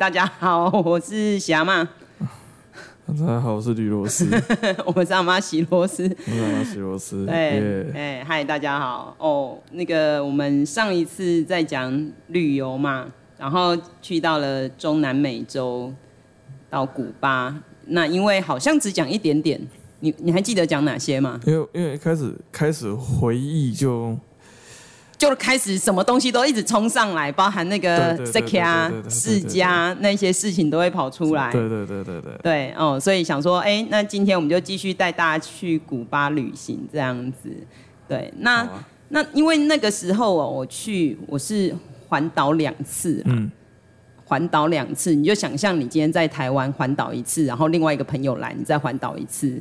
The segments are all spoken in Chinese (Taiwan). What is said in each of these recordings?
大家好，我是霞嘛。大家好，我是李螺絲。我是阿媽洗螺絲。 我是阿媽洗螺絲。對，哎 Yeah.，嗨，大家好。哦、oh，那個，我們上一次在講旅遊嘛，然後去到了中南美洲，到古巴。那因為好像只講一點點，你你還記得講哪些嗎？因為因為一開始開始回憶就。就開始什麼東西都一直衝上來，包含那個世家，世家那些事情都會跑出來。對對對對對，對，對。對哦，所以想說，哎，欸，那今天我們就繼續帶大家去古巴旅行這樣子。對，那，啊、那因為那個時候哦，我去我是環島兩次嘛，環島兩次，你就想象你今天在台灣環島一次，然後另外一個朋友來，你再環島一次。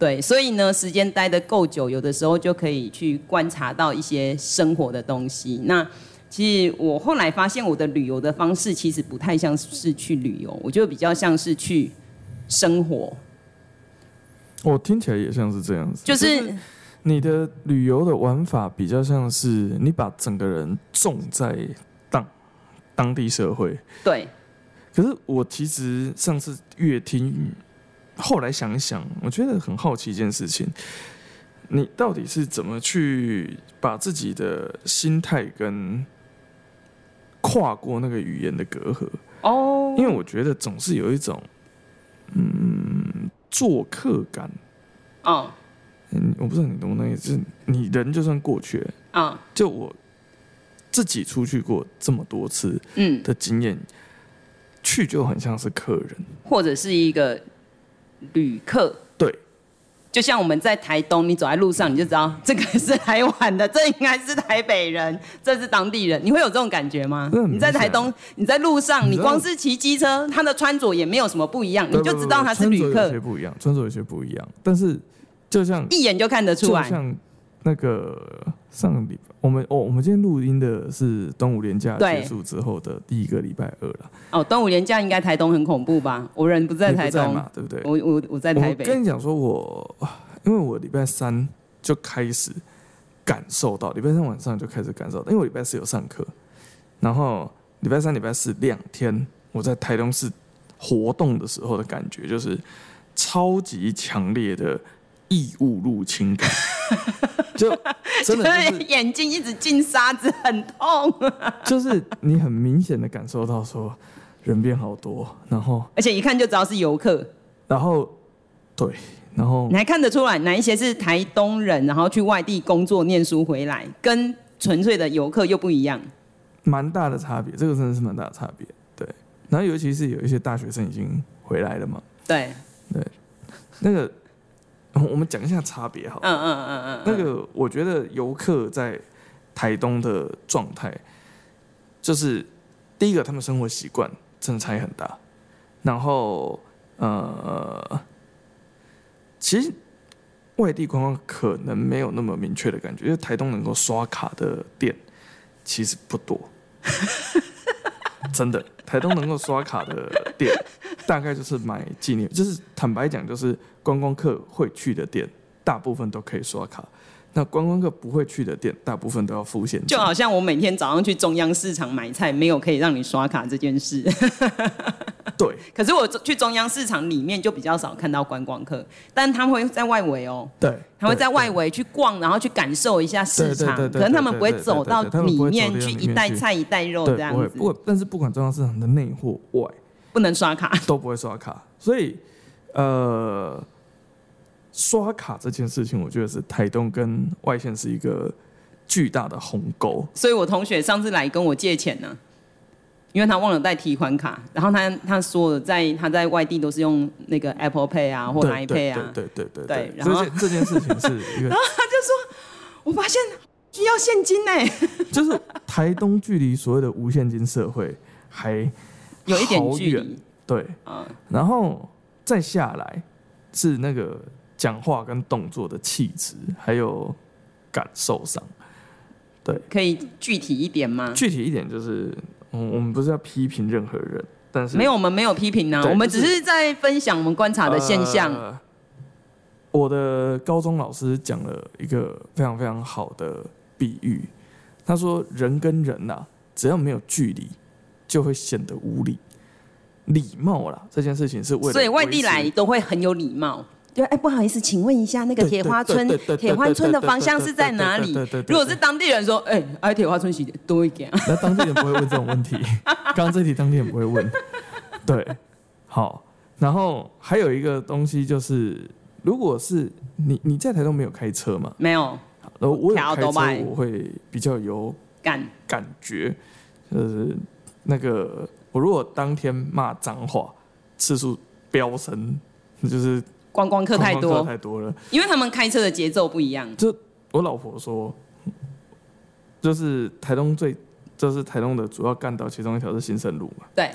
對，所以呢，時間待得夠久，有的時候就可以去觀察到一些生活的東西。那其實我後來發現，我的旅遊的方式其實不太像是去旅遊，我就比較像是去生活。我聽起來也像是這樣子，就是、就是你的旅遊的玩法比較像是你把整個人種在當當地社會。對。可是我其實上次越聽。後來想一想，我覺得很好奇一件事情，你到底是怎麼去把自己的心態跟跨過那個語言的隔閡？哦，oh. 因為我覺得總是有一種嗯做客感。哦，嗯，我不知道你懂不懂，就是你人就算過去了，啊，oh. 就我自己出去過這麼多次，嗯的經驗，嗯、去就很像是客人，或者是一個。旅客對，就像我們在台東，你走在路上，你就知道這個是台灣的，這應該是台北人，這是當地人，你會有這種感覺嗎？啊、你在台東，你在路上，你光是騎機車，他在的穿着也沒有什麼不一樣，不不不，你就知道他是旅客。有些不一樣，穿着有些不一樣，但是就像一眼就看得出來，像那個。上禮，我們哦，我們今天錄音的是端午年假結束之後的第一個禮拜二了。哦，端午年假應該台東很恐怖吧？我人不在台東，不嘛對不對？我我我在台北。我跟你講說我，我因為我禮拜三就開始感受到，禮拜三晚上就開始感受，到，因為我禮拜四有上課，然後禮拜三、禮拜四兩天我在台東是活動的時候的感覺，就是超級強烈的。異物入侵感，就真的眼睛一直進沙子，很痛。就是你很明顯的感受到說，人變好多，然後而且一看就知道是遊客。然後，對，然後你還看得出來哪一些是台東人，然後去外地工作、念書回來，跟純粹的遊客又不一樣。蠻大的差別，這個真的是蠻大的差別。對，然後尤其是有一些大學生已經回來了嘛。對對，那個。然後我們講一下差別好，嗯。嗯嗯嗯嗯。嗯，那個我覺得遊客在台東的狀態，就是第一個他們生活習慣真的差異很大。然後呃，其實外地觀光可能沒有那麼明確的感覺，因為台東能夠刷卡的店其實不多。 真的，台東能夠刷卡的店大概就是買紀念，就是坦白講就是。觀光客會去的店，大部分都可以刷卡。那觀光客不會去的店，大部分都要付現金。就好像我每天早上去中央市場買菜，沒有可以讓你刷卡這件事。 對。可是我去中央市場裡面就比較少看到觀光客，但他們會在外圍哦、喔對。對。他們會在外圍去逛，然後去感受一下市場。對對，對對對。可能他們不會走到裡面，對對對對裡面去一袋菜一袋肉這樣子對不。不會，但是不管中央市場的內或外，不能刷卡。都不會刷卡，所以。呃，刷卡這件事情，我覺得是台東跟外縣是一個巨大的鴻溝。所以我同學上次來跟我借錢呢、啊，因為他忘了帶提款卡，然後他他說在他在外地都是用那個 Apple Pay 啊，或 iPay 啊，對，對對，對對對對，對然後這件， 這件事情是，一個， 然後他就說，我發現需要現金呢， 就是台東距離所謂的無現金社會還遠有一點距離，對，嗯、啊，然後。再下來是那個講話跟動作的氣質，還有感受上，對，可以具體一點嗎？具體一點就是，嗯，我們不是要批評任何人，但是沒有，我們沒有批評呢、啊，對，我們只是在分享我們觀察的現象。就是呃、我的高中老師講了一個非常非常好的比喻，他說：“人跟人吶、啊，只要沒有距離，就會顯得無理。禮貌了這件事情是為，所以外地來都會很有禮貌。對，哎、欸，不好意思，請問一下那個鐵花村，鐵花村的方向是在哪裡？如果是當地人說，哎、欸，挨、啊、鐵花村洗多一點。那當地人不會問這種問題，剛剛 這題當地人不會問。 對，好。然後還有一個東西就是，如果是你，你在台東沒有開車嗎？沒有。我有開車，我會比較有感覺騙感覺。是、呃、那個。我如果當天罵髒話次數飆升，就是觀光，光客太多，光光客太多了，因為他們開車的節奏不一樣。就我老婆說，就是台東最，就是台東的主要幹道，其中一條是新生路嘛。對，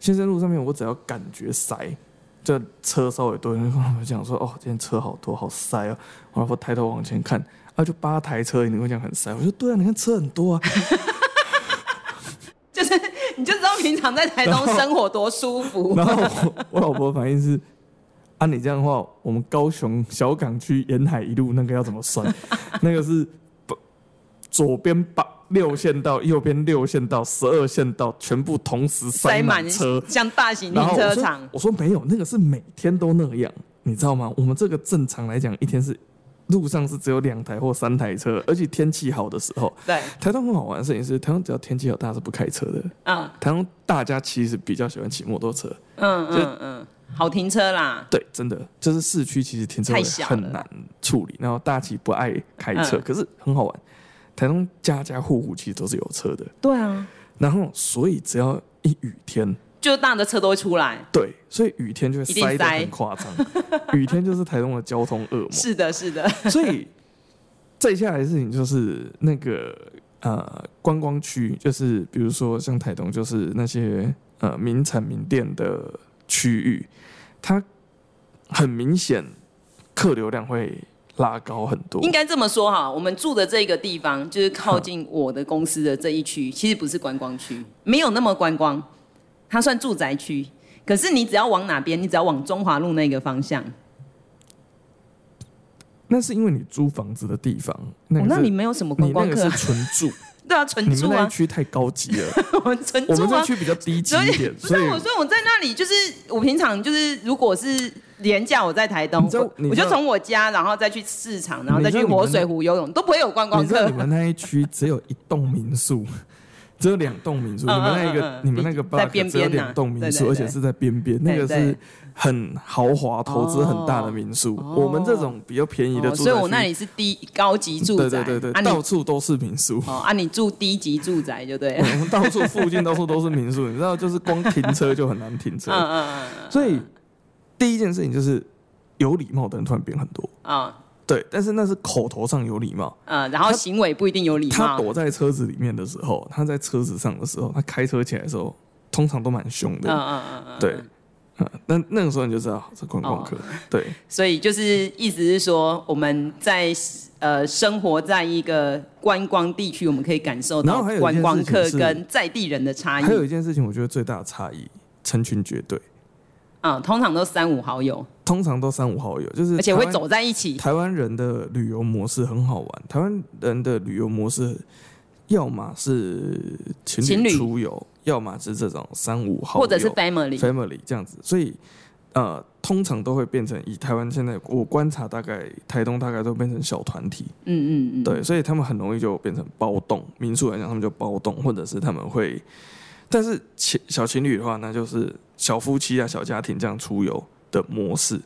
新生路上面，我只要感覺塞，就車稍微多一點，我講說，哦，今天車好多，好塞啊、哦。我老婆抬頭往前看，啊，就八台車，你會講很塞？我說對啊，你看車很多啊。 就是 你就知道平常在台東生活多舒服然。然後我，我老婆反應是：按、啊、你這樣的話，我們高雄小港區沿海一路那個要怎麼算？ 那個是左左邊八六線道，右邊六線道，十二線道全部同時塞滿車，滿像大型停車場我。我說沒有，那個是每天都那樣，你知道嗎？我們這個正常來講一天是。路上是只有兩台或三台車，而且天氣好的時候，對，台東很好玩的事情是，台東只要天氣好，大家是不開車的，嗯，台東大家其實比較喜歡騎摩托車，嗯就嗯嗯，好停車啦，對，真的就是市區其實停車很難處理，然後大家不愛開車，嗯、可是很好玩，台東家家戶戶其實都是有車的，對啊，然後所以只要一雨天。就大的車都會出來，對，所以雨天就會塞得很誇張。一定塞 雨天就是台東的交通噩夢。是的，是的。 所以再下來的事情就是那個呃觀光區，就是比如說像台東，就是那些呃名產名店的區域，它很明顯客流量會拉高很多。應該這麼說哈，我們住的這個地方就是靠近我的公司的這一區，嗯、其實不是觀光區，沒有那麼觀光。它算住宅區，可是你只要往哪邊，你只要往中華路那個方向。那是因為你租房子的地方，那個哦、那裡沒有什麼觀光客、啊，那是純住。 對啊，純住啊。你們那區太高級了，純 住啊。我們那區比較低級一點，不是所以所以我,我在那裡就是我平常就是如果是連假，我在台東，我,我就從我家然後再去市場，然後再去活水湖游泳都不會有觀光客。你,你們那一區只有一棟民宿。 只有兩棟民宿，你們那一個、你們那個包，只有兩棟民宿，而且是在邊邊，那個是很豪華、投資很大的民宿。我們這種比較便宜的，所以我那裡是低高級住宅。對對對對，到處都是民宿。啊，你住低級住宅就對了。我們到處附近到處都是民宿，你知道，就是光停車就很難停車。嗯嗯嗯。所以第一件事情就是有禮貌的人突然變很多啊。對，但是那是口頭上有禮貌，嗯，然後行為不一定有禮貌他。他躲在車子裡面的時候，他在車子上的時候，他開車起來的時候，通常都蠻兇的。嗯嗯嗯嗯。嗯嗯，對，嗯，那那個時候你就知道是觀光客。哦、對。所以就是意思是說，我們在呃生活在一個觀光地區，我們可以感受到觀光客跟在地人的差異。還有一件事情，我覺得最大的差異，成群結隊，嗯，通常都三五好友。通常都三五好友，就是而且會走在一起。台灣人的旅遊模式很好玩。台灣人的旅遊模式，要麼是情侶出遊，侶要麼是這種三五好友或者是 family family 這樣子。所以呃，通常都會變成以台灣現在我觀察，大概台東大概都變成小團體。嗯嗯嗯，對，所以他們很容易就變成包棟。民宿來講，他們就包棟，或者是他們會，但是情小情侶的話，那就是小夫妻啊，小家庭這樣出遊。的模式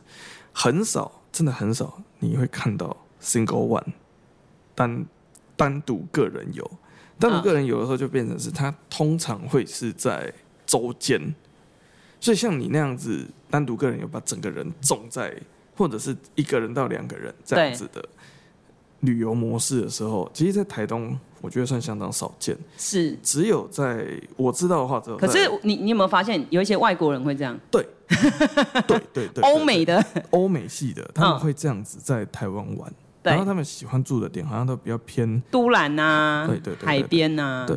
很少，真的很少，你會看到 single one 單單獨個人遊，單獨個人遊的時候就變成是，他通常會是在周間，所以像你那樣子單獨個人遊，把整個人種在或者是一個人到兩個人這樣子的旅遊模式的時候，其實，在台東我覺得算相當少見，是只有在我知道的話，只有。可是你你有沒有發現，有一些外國人會這樣？對。 對對對，對，歐美的歐美系的他們會這樣子在台灣玩，哦、然後他們喜歡住的點好像都比較偏都蘭啊，對對，對，海邊啊。對，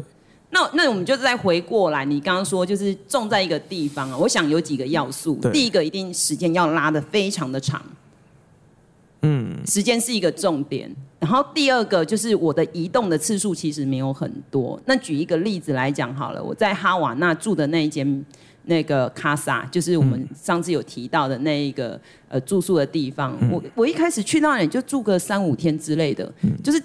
那那我們就再回過來，你剛剛說就是種在一個地方啊，我想有幾個要素，嗯、第一個一定時間要拉得非常的長，嗯，時間是一個重點，然後第二個就是我的移動的次數其實沒有很多。那舉一個例子來講好了，我在哈瓦那住的那一間。那個卡薩就是我們上次有提到的那一個、嗯、呃住宿的地方。嗯、我我一開始去那裡就住個三五天之類的，嗯、就是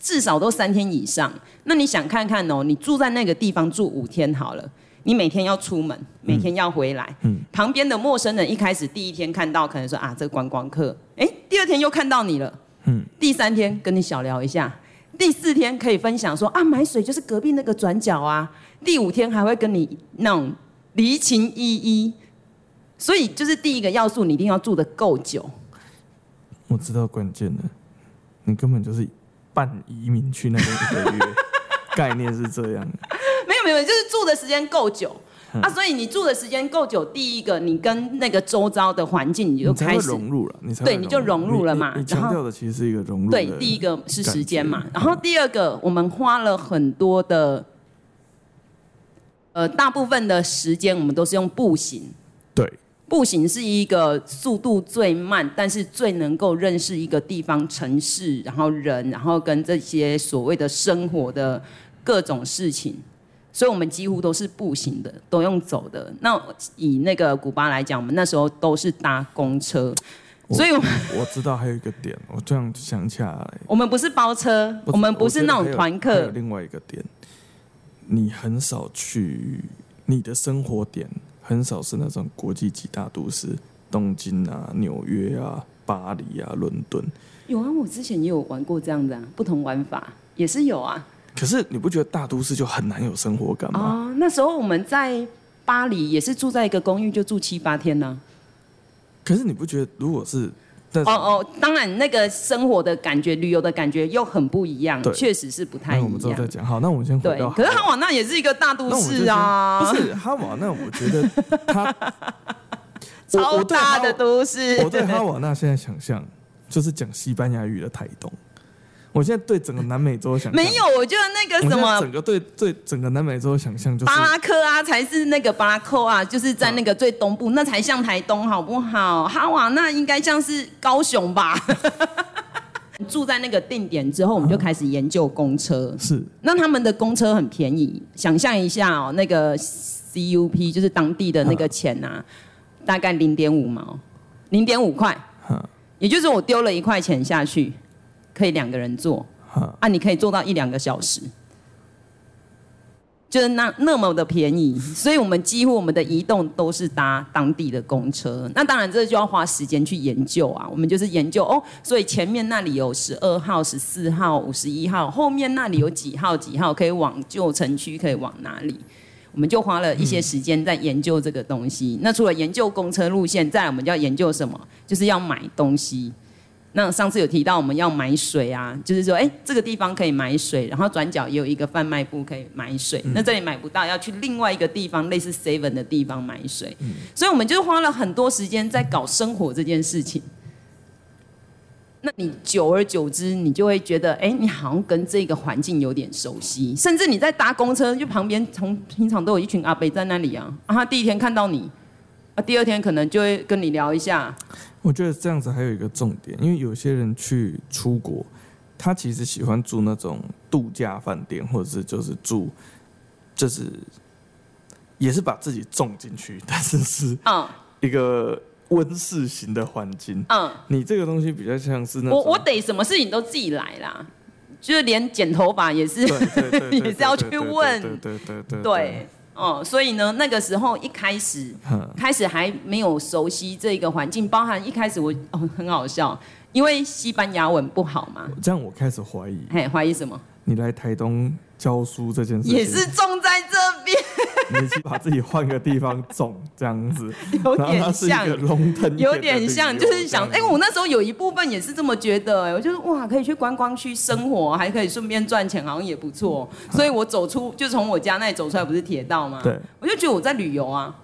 至少都三天以上。那你想看看哦，你住在那個地方住五天好了，你每天要出門，嗯、每天要回來。嗯、旁邊的陌生人一開始第一天看到可能說啊，這個觀光客，誒，第二天又看到你了，嗯，第三天跟你小聊一下，第四天可以分享說啊，買水就是隔壁那個轉角啊，第五天還會跟你弄。離情依依，所以就是第一個要素，你一定要住的夠久。我知道關鍵的，你根本就是半移民去那邊一個月， 概念是這樣。 沒有沒有，就是住的時間夠久、嗯、啊，所以你住的時間夠久，第一個你跟那個周遭的環境你就開始融入了，你才對，你就融入了嘛。強調的其實是一個融入的。對，第一個是時間嘛，嗯、然後第二個我們花了很多的。呃，大部分的時間我們都是用步行，對，步行是一個速度最慢，但是最能夠認識一個地方、城市，然後人，然後跟這些所謂的生活的各種事情，所以我們幾乎都是步行的，都用走的。那以那個古巴來講，我們那時候都是搭公車，我所以我我知道還有一個點， 我這樣想起來，我們不是包車，我，我們不是那種團客，另外一個點。你很少去，你的生活點很少是那種國際級大都市，東京啊、紐約啊、巴黎啊、倫敦。有啊，我之前也有玩過這樣子啊，不同玩法也是有啊。可是你不覺得大都市就很難有生活感嗎？啊，那時候我們在巴黎也是住在一個公寓，就住七八天呢，啊。可是你不覺得如果是？哦哦，對 oh, oh, 當然，那個生活的感覺、旅遊的感覺又很不一樣，對確實是不太一樣。那我們之後再講。好，那我們先回到。對，可是哈瓦那也是一個大都市啊。不是哈瓦那，我覺得他 超大的都市。我對哈瓦那現在想象，就是講西班牙語的台東。我現在對整個南美洲想象沒有，我覺得那個什麼，整個對對整個南美洲想象就是巴拉克啊，才是那個巴拉克啊，就是在那個最東部，啊、那才像台東，好不好？哈瓦、啊、那應該像是高雄吧。 住在那個定點之後，啊、我們就開始研究公車，是那他們的公車很便宜，想象一下哦，那個 C U P 就是當地的那個錢啊，啊大概零點五毛，零點五塊，啊、也就是我丟了一塊錢下去。可以兩個人坐，啊，你可以坐到一兩個小時，就是那那麼的便宜，所以我們幾乎我們的移動都是搭當地的公車。那當然這就要花時間去研究啊，我們就是研究哦，所以前面那裡有十二號、十四號、五十一號，後面那裡有幾號、幾號可以往舊城區，可以往哪裡？我們就花了一些時間在研究這個東西。那除了研究公車路線，再我們就要研究什麼？就是要買東西。那上次有提到我們要買水啊，就是說，哎，這個地方可以買水，然後轉角也有一個販賣部可以買水。嗯、那這裡買不到，要去另外一個地方，類似 Seven 的地方買水。嗯、所以，我們就花了很多時間在搞生活這件事情。那你久而久之，你就會覺得，哎，你好像跟這個環境有點熟悉，甚至你在搭公車，就旁邊從平常都有一群阿伯在那裡啊，啊。他第一天看到你。啊，第二天可能就會跟你聊一下。我覺得這樣子還有一個重點，因為有些人去出國，他其實喜歡住那種度假飯店，或者是就是住，就是也是把自己種進去，但是是一個溫室型的環境。嗯，你這個東西比較像是那種，我我得什麼事情都自己來啦，就是連剪頭髮也是也是要去問。對對對對。哦，所以呢，那個時候一開始，哈開始還沒有熟悉這個環境，包含一開始我很、哦、很好笑，因為西班牙文不好嘛，這樣我開始懷疑，嘿，懷疑什麼？你來台東教書這件事也是種在這邊，你去把自己換個地方種這樣子， 有點像龍騰，有點像，就是想，哎、欸，我那時候有一部分也是這麼覺得、欸，我就哇，可以去觀光區生活，嗯、還可以順便賺錢，好像也不錯，所以我走出就從我家那裡走出來，不是鐵道嗎？對，我就覺得我在旅遊啊。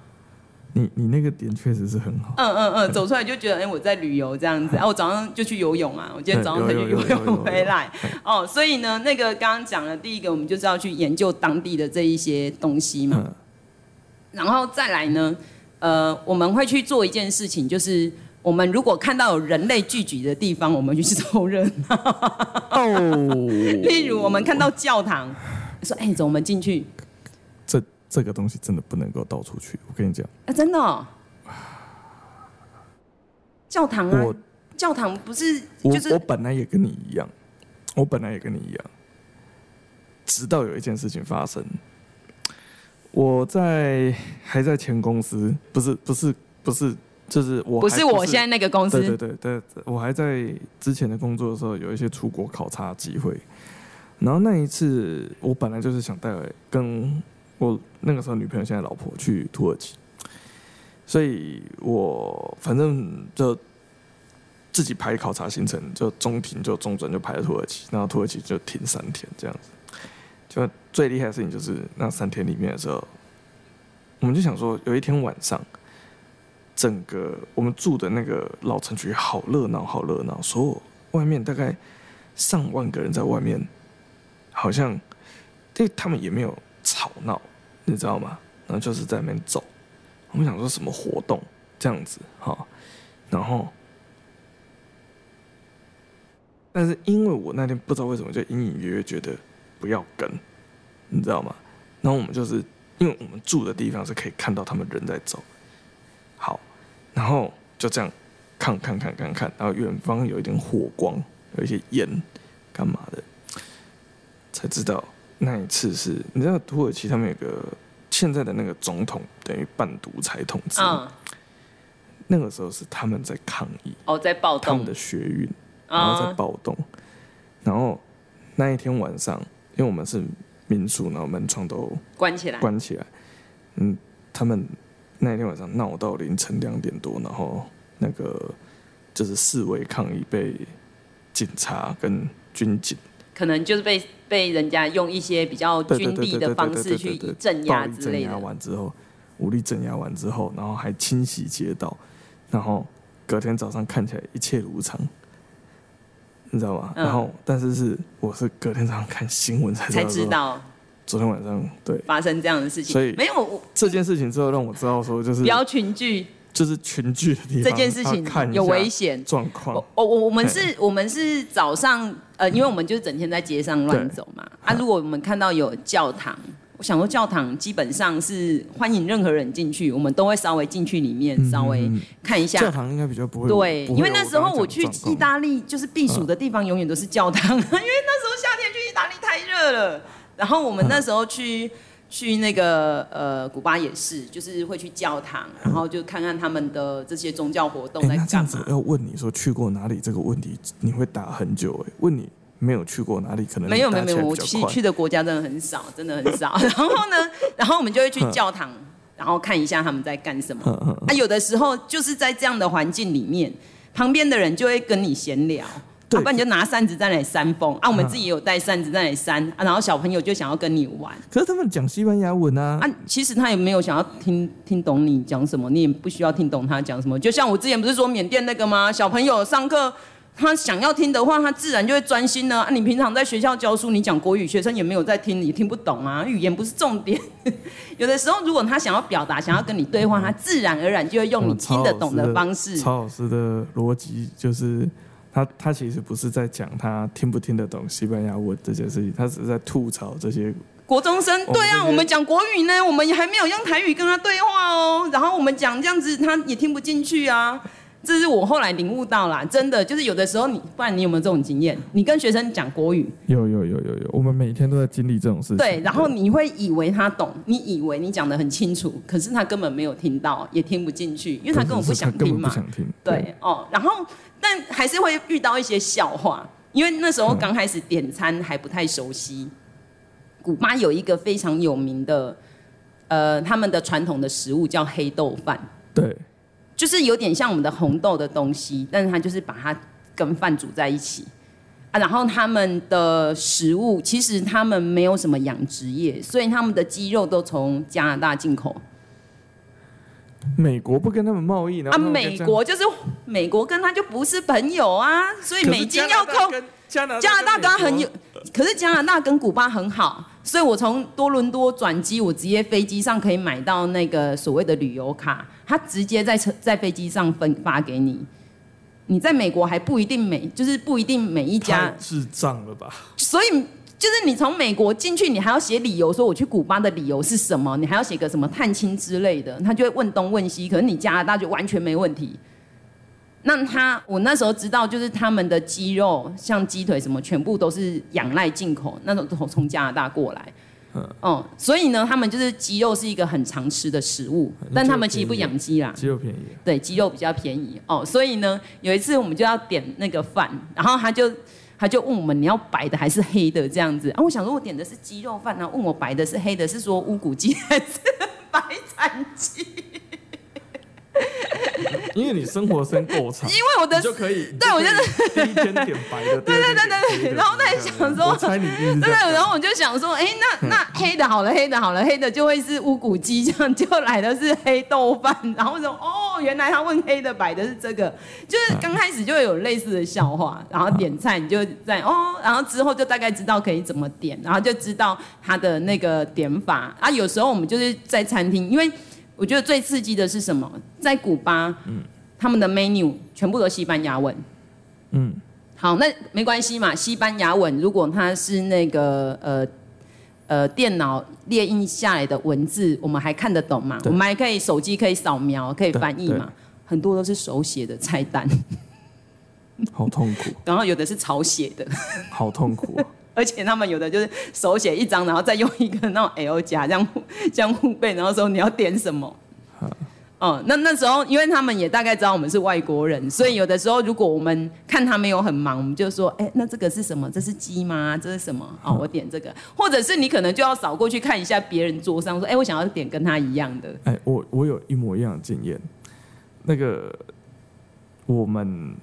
你你那個點確實是很好。嗯嗯嗯，走出來就覺得，哎、欸，我在旅遊這樣子。哎、啊我啊，我早上就去游泳啊，我今天早上才去游泳回來。哦，所以呢，那個剛剛講的，第一個我們就是要去研究當地的這一些東西嘛。嗯、然後再來呢，呃，我們會去做一件事情，就是我們如果看到有人類聚集的地方，我們就去湊熱鬧。哦。 例如我們看到教堂，說，哎、欸，走，我們進去。這個東西真的不能夠倒出去，我跟你講啊，真的、哦，教堂啊，我教堂不是，就是我，我本來也跟你一樣，我本來也跟你一樣，直到有一件事情發生，我在還在前公司，不是不是不是，就是我不是，不是我現在那個公司，對對，對對對，我還在之前的工作的時候，有一些出國考察機會，然後那一次我本來就是想帶來跟。我那個時候女朋友現在老婆去土耳其，所以我反正就自己排考察行程，就中停就中轉就排在土耳其，然後土耳其就停三天這樣子。就最厲害的事情就是那三天裡面的時候，我們就想說有一天晚上，整個我們住的那個老城區好熱鬧，好熱鬧，所有外面大概上萬個人在外面，好像對他們也沒有吵鬧。你知道嗎？然後就是在那邊走，我們想說什麼活動這樣子哈、哦，然後，但是因為我那天不知道為什麼就隱隱約約覺得不要跟，你知道嗎？然後我們就是因為我們住的地方是可以看到他們人在走，好，然後就這樣看看看看，看看，然後遠方有一點火光，有一些煙，幹嘛的，才知道。那一次是，你知道土耳其他們有一個現在的那個總統等於半獨裁統治，uh, 那個時候是他們在抗議，哦，oh, 在暴動，他們的學運，然後在暴動，uh, 然後那一天晚上，因為我們是民宿，然後門窗都關起來，關起來，嗯，他們那一天晚上鬧到凌晨兩點多，然後那個就是示威抗議被警察跟軍警。可能就是被被人家用一些比較軍力的方式去鎮壓之類的，暴力鎮壓完之後，武力鎮壓完之後，然後還清洗街道，然後隔天早上看起來一切如常，你知道吧？嗯、然後但是是我是隔天早上看新聞才知道，知道昨天晚上對發生這樣的事情，所以沒有這件事情之後讓我知道說就是標群聚。就是群聚的地方，這件事情有危險狀況。我我我們是，我們是早上，呃，因為我們就是整天在街上亂走嘛。啊，如果我們看到有教堂，我想說教堂基本上是歡迎任何人進去，我們都會稍微進去裡面稍微看一下。教堂應該比較不會。對，因為那時候我去意大利，就是避暑的地方永遠都是教堂，因為那時候夏天去意大利太熱了。然後我們那時候去。.去那個呃，古巴也是，就是會去教堂，然後就看看他們的這些宗教活動在幹嘛。欸、那這樣子要問你說去過哪裡這個問題，你會答很久哎、欸。問你沒有去過哪裡，可能沒有沒有沒有，我其實去，去的國家真的很少，真的很少。 然後呢，然後我們就會去教堂， 然後看一下他們在幹什麼。那、 啊、有的時候就是在這樣的環境裡面，旁邊的人就會跟你閒聊。要、啊、不然你就拿扇子在那裡扇風對啊，我們自己也有帶扇子在那裡扇啊，啊，然後小朋友就想要跟你玩。可是他們講西班牙文啊。啊，其實他也沒有想要聽聽懂你講什麼，你也不需要聽懂他講什麼。就像我之前不是說緬甸那個嗎？小朋友上課，他想要聽的話，他自然就會專心了、啊。啊，你平常在學校教書，你講國語，學生也沒有在聽，你聽不懂啊，語言不是重點。 有的時候，如果他想要表達，想要跟你對話，嗯、他自然而然就會用你聽得懂的方式。嗯、超老師的邏輯就是。他他其實不是在講他聽不聽得懂西班牙文這件事情，他只是在吐槽這些國中生。對啊，我們講國語呢，我們也還沒有用台語跟他對話哦。然後我們講這樣子，他也聽不進去啊。 這是我後來領悟到了，真的就是有的時候你，不然你有沒有這種經驗？你跟學生講國語？有有有有有，我們每天都在經歷這種事情。對，對，然後你會以為他懂，你以為你講得很清楚，可是他根本沒有聽到，也聽不進去，因為他根本不想聽嘛。不，不想聽對，對哦，然後但還是會遇到一些笑話，因為那時候剛開始點餐還不太熟悉。嗯、古巴有一個非常有名的，呃，他們的傳統的食物叫黑豆飯。對。就是有點像我們的紅豆的東西，但是他就是把它跟飯煮在一起啊。然後他們的食物其實他們沒有什麼養殖業，所以他們的雞肉都從加拿大進口。美國不跟他們貿易呢？啊，美國就是美國跟他就不是朋友啊，所以美金要扣。加拿大跟他很有，可是加拿大跟古巴很好，所以我從多倫多轉機，我直接飛機上可以買到那個所謂的旅遊卡。他直接在車在飛機上分發給你，你在美國還不一定每就是不一定每一家，智障了吧！所以就是你從美國進去，你還要寫理由，說我去古巴的理由是什麼？你還要寫個什麼探親之類的，他就會問東問西。可是你加拿大就完全沒問題。那他我那時候知道，就是他們的雞肉像雞腿什麼，全部都是仰賴進口，那種從從加拿大過來。哦，所以呢，他們就是雞肉是一個很常吃的食物，但他們其實不養雞啦。雞肉便宜，對，雞肉比較便宜。哦，所以呢，有一次我們就要點那個飯，然後他就他就問我們，你要白的還是黑的這樣子。啊，我想如果點的是雞肉飯，然後問我白的是黑的，是說烏骨雞還是白斬雞？ 因為你生活生夠長，因為我的就可以，對，我覺得點白的，對對對對，然後在想說，我猜你對，對，對，然後我就想說，哎、欸，那那黑的好了，黑的好了，黑的就會是烏骨雞，這樣就來的是黑豆飯，然後說哦，原來他問黑的白的是這個，就是剛開始就有類似的笑話，然後點菜你就在、嗯、哦，然後之後就大概知道可以怎麼點，然後就知道他的那個點法啊，有時候我們就是在餐廳，因為。我覺得最刺激的是什麼？在古巴，嗯、他們的 menu 全部都是西班牙文。嗯，好，那沒關係嘛。西班牙文如果它是那個呃呃電腦列印下來的文字，我們還看得懂嘛？對我們還可以手機可以掃描可以翻譯嘛？很多都是手寫的菜單， 好痛苦。 然後有的是草寫的， 好痛苦、啊。而且他們有的就是手寫一張，然後再用一個那種 L 夾，這樣這樣互背，然後說你要點什麼。哦哈、嗯，那那時候因為他們也大概知道我們是外國人，所以有的時候如果我們看他沒有很忙，哈我們就說，哎、欸，那這個是什麼？這是雞嗎？這是什麼？哦、喔，哈我點這個。或者是你可能就要掃過去看一下別人桌上，說，哎、欸，我想要點跟他一樣的。哎、欸，我我有一模一樣的經驗。那個我們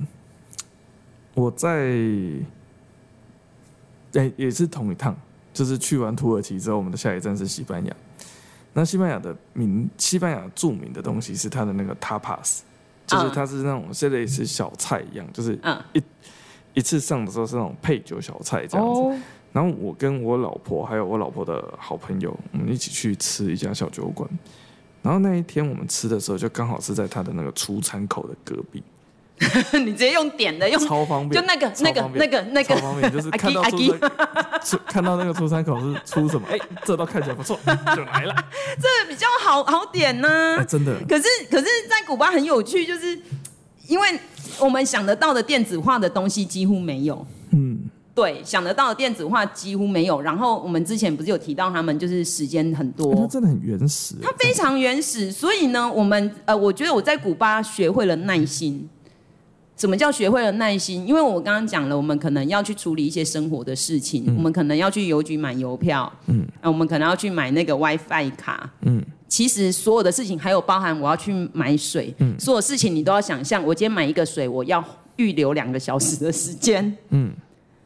我在。哎、欸，也是同一趟，就是去完土耳其之後，我們的下一站是西班牙。那西班牙的名，西班牙著名的東西是它的那個 tapas，就是它是那種類似是小菜一樣，就是一一次上的時候是那種配酒小菜這樣子。然後我跟我老婆還有我老婆的好朋友，我們一起去吃一家小酒館。然後那一天我們吃的時候，就剛好是在他的那個出餐口的隔壁。你直接用點的，用超方便，就那個那個那個那個，超方便，就是看到看到那個出山口是出什麼？哎，這道看起來不錯，就來了，這比較好好點呢。真的，可是可是在古巴很有趣，就是因為我們想得到的電子化的東西幾乎沒有。嗯，對，想得到的電子化幾乎沒有。然後我們之前不是有提到他們就是時間很多，真的很原始，它非常原始。所以呢，我們呃，我覺得我在古巴學會了耐心。什麼叫學會了耐心？因為我剛剛講了，我們可能要去處理一些生活的事情，嗯、我們可能要去郵局買郵票，嗯，那、啊、我們可能要去買那個 WiFi 卡，嗯，其實所有的事情，還有包含我要去買水，嗯，所有事情你都要想象，我今天買一個水，我要預留兩個小時的時間，嗯，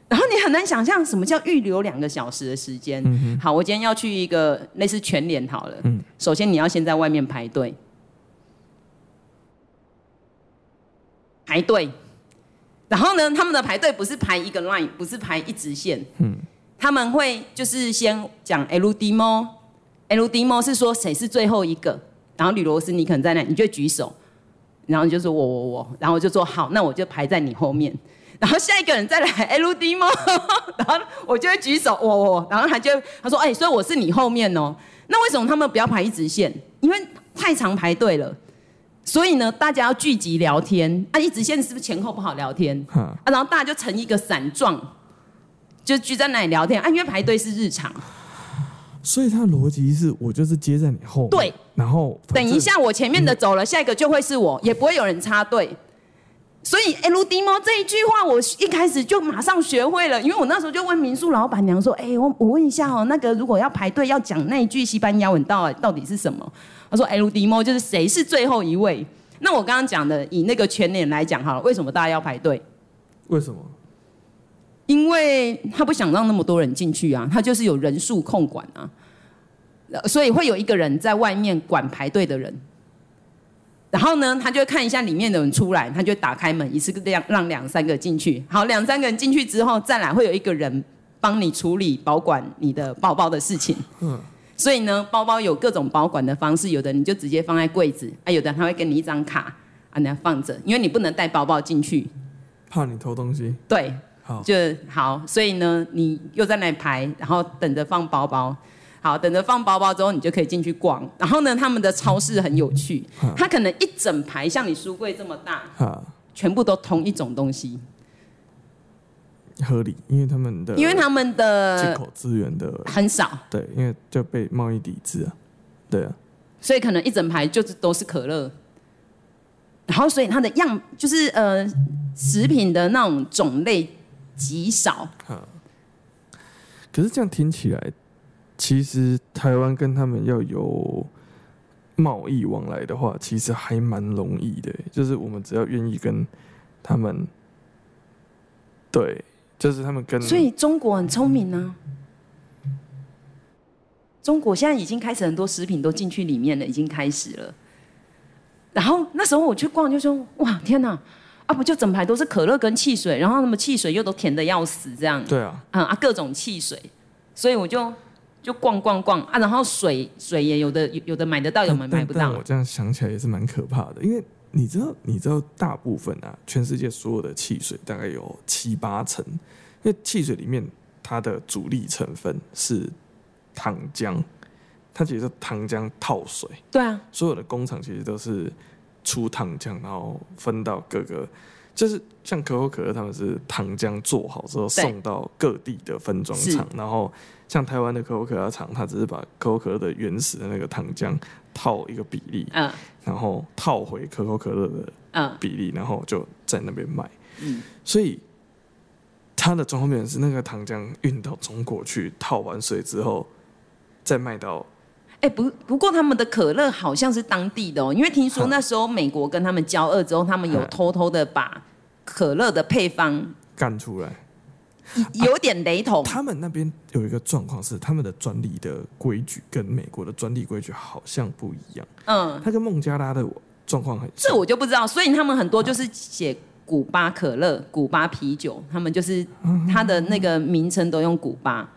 然後你很難想象什麼叫預留兩個小時的時間，嗯哼好，我今天要去一個類似全聯好了，嗯，首先你要先在外面排隊。排隊，然後呢？他們的排隊不是排一個 line，不是排一直線。嗯，他們會就是先講 el último，el último 是說誰是最後一個。然後呂羅斯，你可能在那，你就舉手，然後就說我我我，然後就說好，那我就排在你後面。然後下一個人再來 el último 然後我就會舉手，我我,我，然後他就他說，哎、欸，所以我是你後面哦。那為什麼他們不要排一直線？因為太長排隊了。所以呢，大家要聚集聊天啊！一直線是不是前後不好聊天？哈啊，然後大家就成一個散狀，就聚在那裡聊天啊。因為排隊是日常，所以他的邏輯是我就是接在你後，對，然後等一下我前面的走了，嗯、下一個就會是我，也不會有人插隊。所以 L D 摩這一句話，我一開始就馬上學會了，因為我那時候就問民宿老板娘說：“哎、欸，我我問一下哦，那個如果要排隊要講那一句西班牙文，到底是什麼？”他說：“El último 就是誰是最後一位。那我剛剛講的，以那個全聯來講好了。為什麼大家要排隊？為什麼？因為他不想讓那麼多人進去啊，他就是有人數控管啊。所以會有一個人在外面管排隊的人。然後呢，他就看一下裡面的人出來，他就打開門，一次這樣讓兩三個進去。好，兩三個人進去之後再來，會有一個人幫你處理保管你的包包的事情。”嗯。所以呢，包包有各種保管的方式，有的你就直接放在櫃子，啊，有的他會給你一張卡，啊，那放着，因為你不能帶包包進去，怕你偷東西。對，好，就好，所以呢，你又在那排，然後等着放包包，好，等着放包包之後，你就可以進去逛。然後呢，他們的超市很有趣，它、嗯、可能一整排像你書櫃這麼大，嗯、全部都同一種東西。合理，因為他們的，的因為他們的進口資源的很少，對，因為就被貿易抵制啊，對啊，所以可能一整排就是都是可樂，然後所以它的樣就是呃，食品的那種種類極少，哈，可是這樣聽起來，其實台灣跟他們要有貿易往來的話，其實還蠻容易的，就是我們只要願意跟他們，對。就是他們跟，所以中國很聰明呢、啊。中國現在已經開始很多食品都進去裡面了，已經開始了。然後那時候我去逛，就說：“哇，天吶，啊不、啊，就整排都是可樂跟汽水，然後那麼汽水又都甜的要死，這樣。”對啊，嗯啊，各種汽水。所以我就就逛逛逛啊，然後水水也有的有的買得到，有的買不到、啊。我這樣想起來也是蠻可怕的，因為。你知道，你知道大部分啊，全世界所有的汽水大概有七八成，因為汽水裡面它的主力成分是糖漿，它其實是糖漿套水。對啊，所有的工廠其實都是出糖漿，然後分到各個，就是像可口可樂，他們是糖漿做好之後送到各地的分裝廠，然後像台灣的可口可樂廠，它只是把可口可樂的原始的那個糖漿。套一個比例，嗯，然後套回可口可樂的嗯比例，嗯、然後就在那邊賣，嗯，所以它的裝後面是那個糖漿運到中國去套完水之後再賣到，哎、欸、不不過他們的可樂好像是當地的哦，因為聽說那時候美國跟他們交惡之後，他們有偷偷的把可樂的配方幹出來。有點雷同。啊、他們那邊有一個狀況是，他們的專利的規矩跟美國的專利規矩好像不一樣。嗯，他跟孟加拉的狀況很像。這我就不知道。所以他們很多就是寫“古巴可樂”啊、“古巴啤酒”，他們就是他的那個名稱都用“古巴”嗯。嗯嗯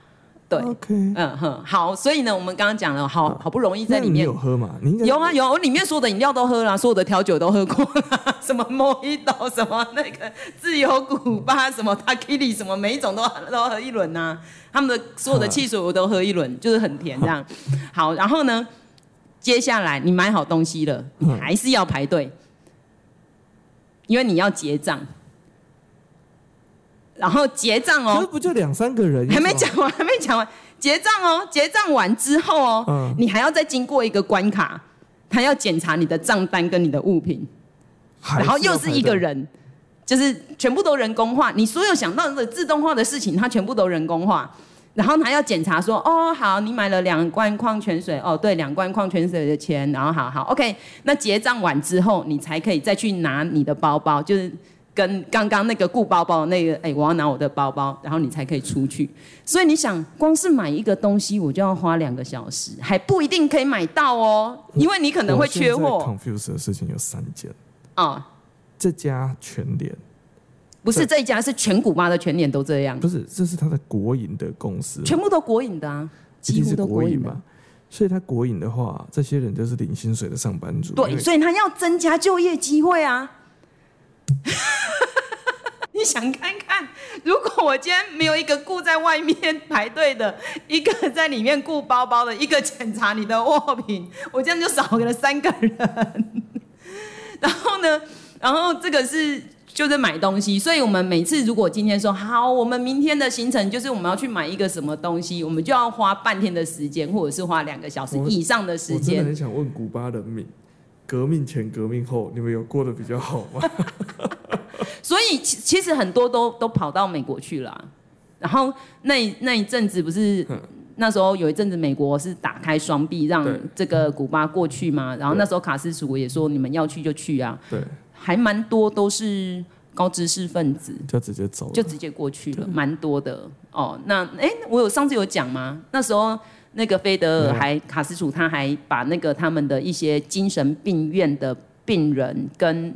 對，Okay. 嗯哼，好，所以呢，我們剛剛講了，好好不容易在裡面有喝嘛？你有啊有，我裡面所有的飲料都喝了，啊，所有的調酒都喝過，啊，什麼莫吉托什麼那個自由古巴，嗯、什麼塔基里，什麼每一種都都喝一輪吶，啊。他們的所有的汽水我都喝一輪，啊，就是很甜這樣。 好，然後呢，接下來你買好東西了，你還是要排隊，嗯，因為你要結賬。然後結賬哦，不就兩三個人？還沒講完，還沒講完。結賬哦，結賬完之後哦，你還要再經過一個關卡，他要檢查你的賬單跟你的物品，然後又是一個人，就是全部都人工化。你所有想到的自動化的事情，他全部都人工化。然後還要檢查說，哦，好，你買了兩罐礦泉水，哦，對，兩罐礦泉水的錢，然後好好，OK。那結賬完之後，你才可以再去拿你的包包，就是。跟剛剛那個顧包包那個，哎、欸，我要拿我的包包，然後你才可以出去。所以你想，光是買一個東西，我就要花兩個小時，還不一定可以買到哦，我因為你可能會缺貨。我現在 confused 的事情有三件。啊，oh, 這家全聯，不是這家，在是全古巴的全聯都這樣。不是，這是他的國營的公司，全部都國營的啊，幾乎都國營吧。所以他國營的話，這些人就是領薪水的上班族。對，所以他要增加就業機會啊。 你想看看，如果我今天沒有一個顧在外面排隊的，一個在裡面顧包包的，一個檢查你的物品，我這樣就少了三個人。 然後呢，然後這個是就是買東西，所以我們每次如果今天說好，我們明天的行程就是我們要去買一個什麼東西，我們就要花半天的時間，或者是花兩個小時以上的時間。我,我真的很想問古巴人民。革命前，革命後，你們有過得比較好嗎？ 所以其，其其實很多都都跑到美國去了啊。然後那一那一陣子不是哼那時候有一陣子美國是打開雙臂讓對這個古巴過去嘛？然後那時候卡斯楚也說你們要去就去啊。對，還蠻多都是高知識分子，就直接走，就直接過去了，蠻對多的哦。那哎、欸，我有上次有講嗎？那時候。那個菲德爾還、嗯、卡斯楚，他還把那個他們的一些精神病院的病人跟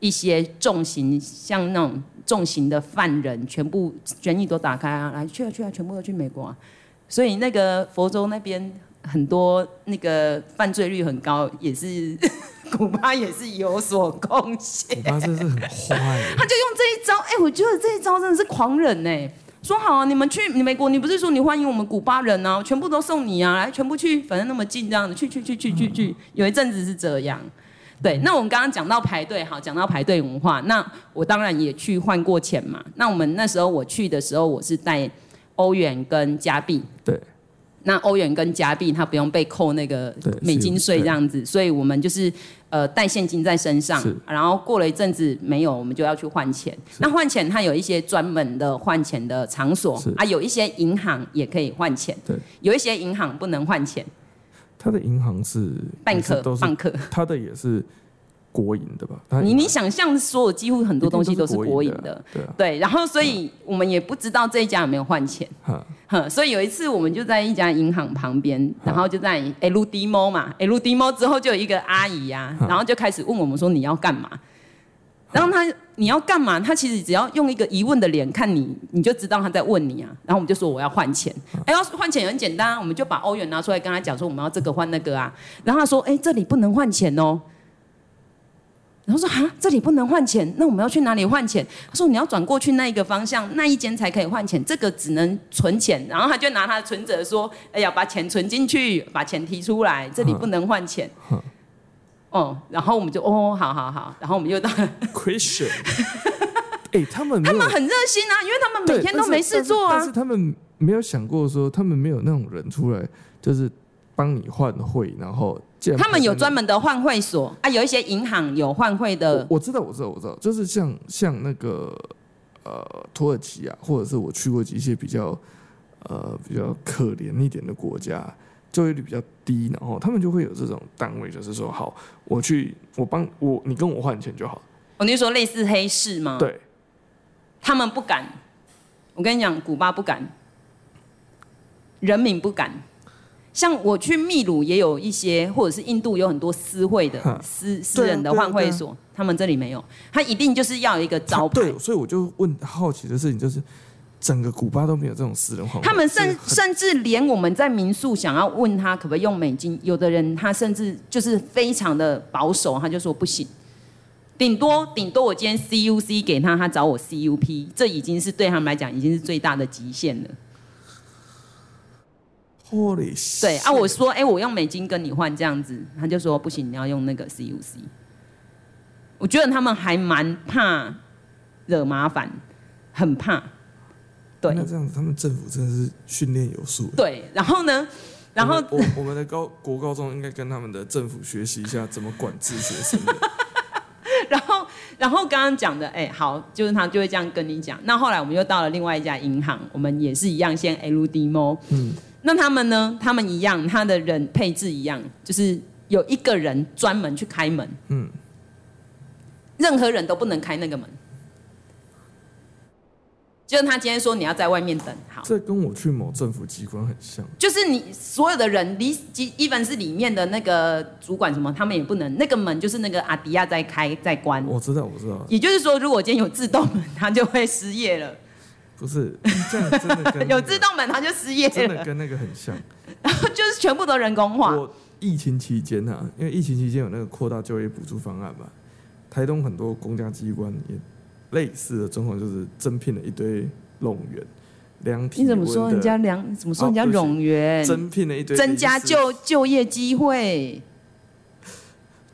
一些重刑，像那種重刑的犯人，全部監獄都打開啊，來去啊去啊，全部都去美國啊。所以那個佛州那邊很多那個犯罪率很高，也是古巴也是有所貢獻。古巴真的是很壞、欸，他就用這一招，哎、欸，我覺得這一招真的是狂人哎、欸。說好啊，你們去美國，你不是說你歡迎我們古巴人啊？全部都送你啊，來全部去，反正那麼近，這樣子去去去去去去，有一陣子是這樣。對，那我們剛剛講到排隊，好，講到排隊文化，那我當然也去換過錢嘛。那我們那時候我去的時候，我是帶歐元跟加幣。對。那歐元跟加幣，它不用被扣那個美金稅這樣子，所以我們就是呃帶現金在身上，是然後過了一陣子沒有，我們就要去換錢。是那換錢它有一些專門的換錢的場所是啊，有一些銀行也可以換錢，對有一些銀行不能換錢。他的銀行是 Bank，Bank Bank,，Bank 他的也是。國營的吧，你你想象說幾乎很多東西都是國營的，對，然後所以我們也不知道這一家有沒有換錢，哼哈所以有一次我們就在一家銀行旁邊，然後就在、e、L D m o l l 嘛、e、，L D m o 之後就有一個阿姨呀、啊，然後就開始問我們說你要幹嘛？然後他你要幹嘛？他其實只要用一個疑問的臉看你，你就知道他在問你啊。然後我們就說我要換錢，哎、欸，要換錢很簡單，我們就把歐元拿出來跟他講說我們要這個換那個啊。然後他說哎、欸、這裡不能換錢哦。然後說啊，這裡不能換錢，那我們要去哪裡換錢？他說你要轉過去那一個方向，那一間才可以換錢，這個只能存錢。然後他就拿他的存折說：“哎呀，把錢存進去，把錢提出來，這裡不能換錢。”哦，然後我們就哦，好好好，然後我們又到。Christian，哎，他們沒他們很熱心啊，因為他們每天都沒事做啊，但但。但是他們沒有想過說，他們沒有那種人出來，就是幫你換匯，然後。他們有專門的換匯所啊，有一些銀行有換匯的。我，我知道，我知道，我知道，就是像像那個呃土耳其啊，或者是我去過一些比較呃比較可憐一點的國家，就業率比較低，然後他們就會有這種單位，就是說，好，我去，我幫我你跟我換錢就好。我我你說類似黑市嗎？對，他們不敢。我跟你講，古巴不敢，人民不敢。像我去秘魯也有一些，或者是印度有很多私會的私哈私，私人的換匯所，啊啊、他們這裡沒有，他一定就是要一個招牌。對、哦，所以我就問好奇的事情就是，整個古巴都沒有這種私人換會。他們甚甚至連我們在民宿想要問他可不可以用美金，有的人他甚至就是非常的保守，他就說不行。頂多頂多我今天 C U C 給他，他找我 C U P，這已經是對他們來講已經是最大的極限了。Holy 對啊，我說，哎、欸，我用美金跟你換這樣子，他就說不行，你要用那個 CUC。我覺得他們還蠻怕惹麻煩，很怕。對，那這樣子，他們政府真的是訓練有素。對，然後呢，然後我們，我，我們的高國高中應該跟他們的政府學習一下怎麼管制學生。 然後，然後剛剛講的，哎、欸，好，就是他就會這樣跟你講。那後來我們又到了另外一家銀行，我們也是一樣，先 LDMO。嗯。那他們呢？他們一樣，他的人配置一樣，就是有一個人專門去開門，嗯，任何人都不能開那個門。就像他今天說，你要在外面等，好。這跟我去某政府機關很像，就是你所有的人裡，一一般是裡面的那個主管什麼，他們也不能。那個門就是那個阿迪亞在開，在關。我知道，我知道。也就是說，如果今天有自動門，他就會失業了。不是、嗯那個、 有自動門，它就失業了，真的跟那個很像，然後 就是全部都人工化。我疫情期間、啊、因為疫情期間有那個擴大就業補助方案嘛，台東很多公家機關也類似的狀況，就是增聘了一堆冗員，量體溫的。你怎麼說人家量？怎麼說人家冗員？增聘了一堆，增加就就業機會。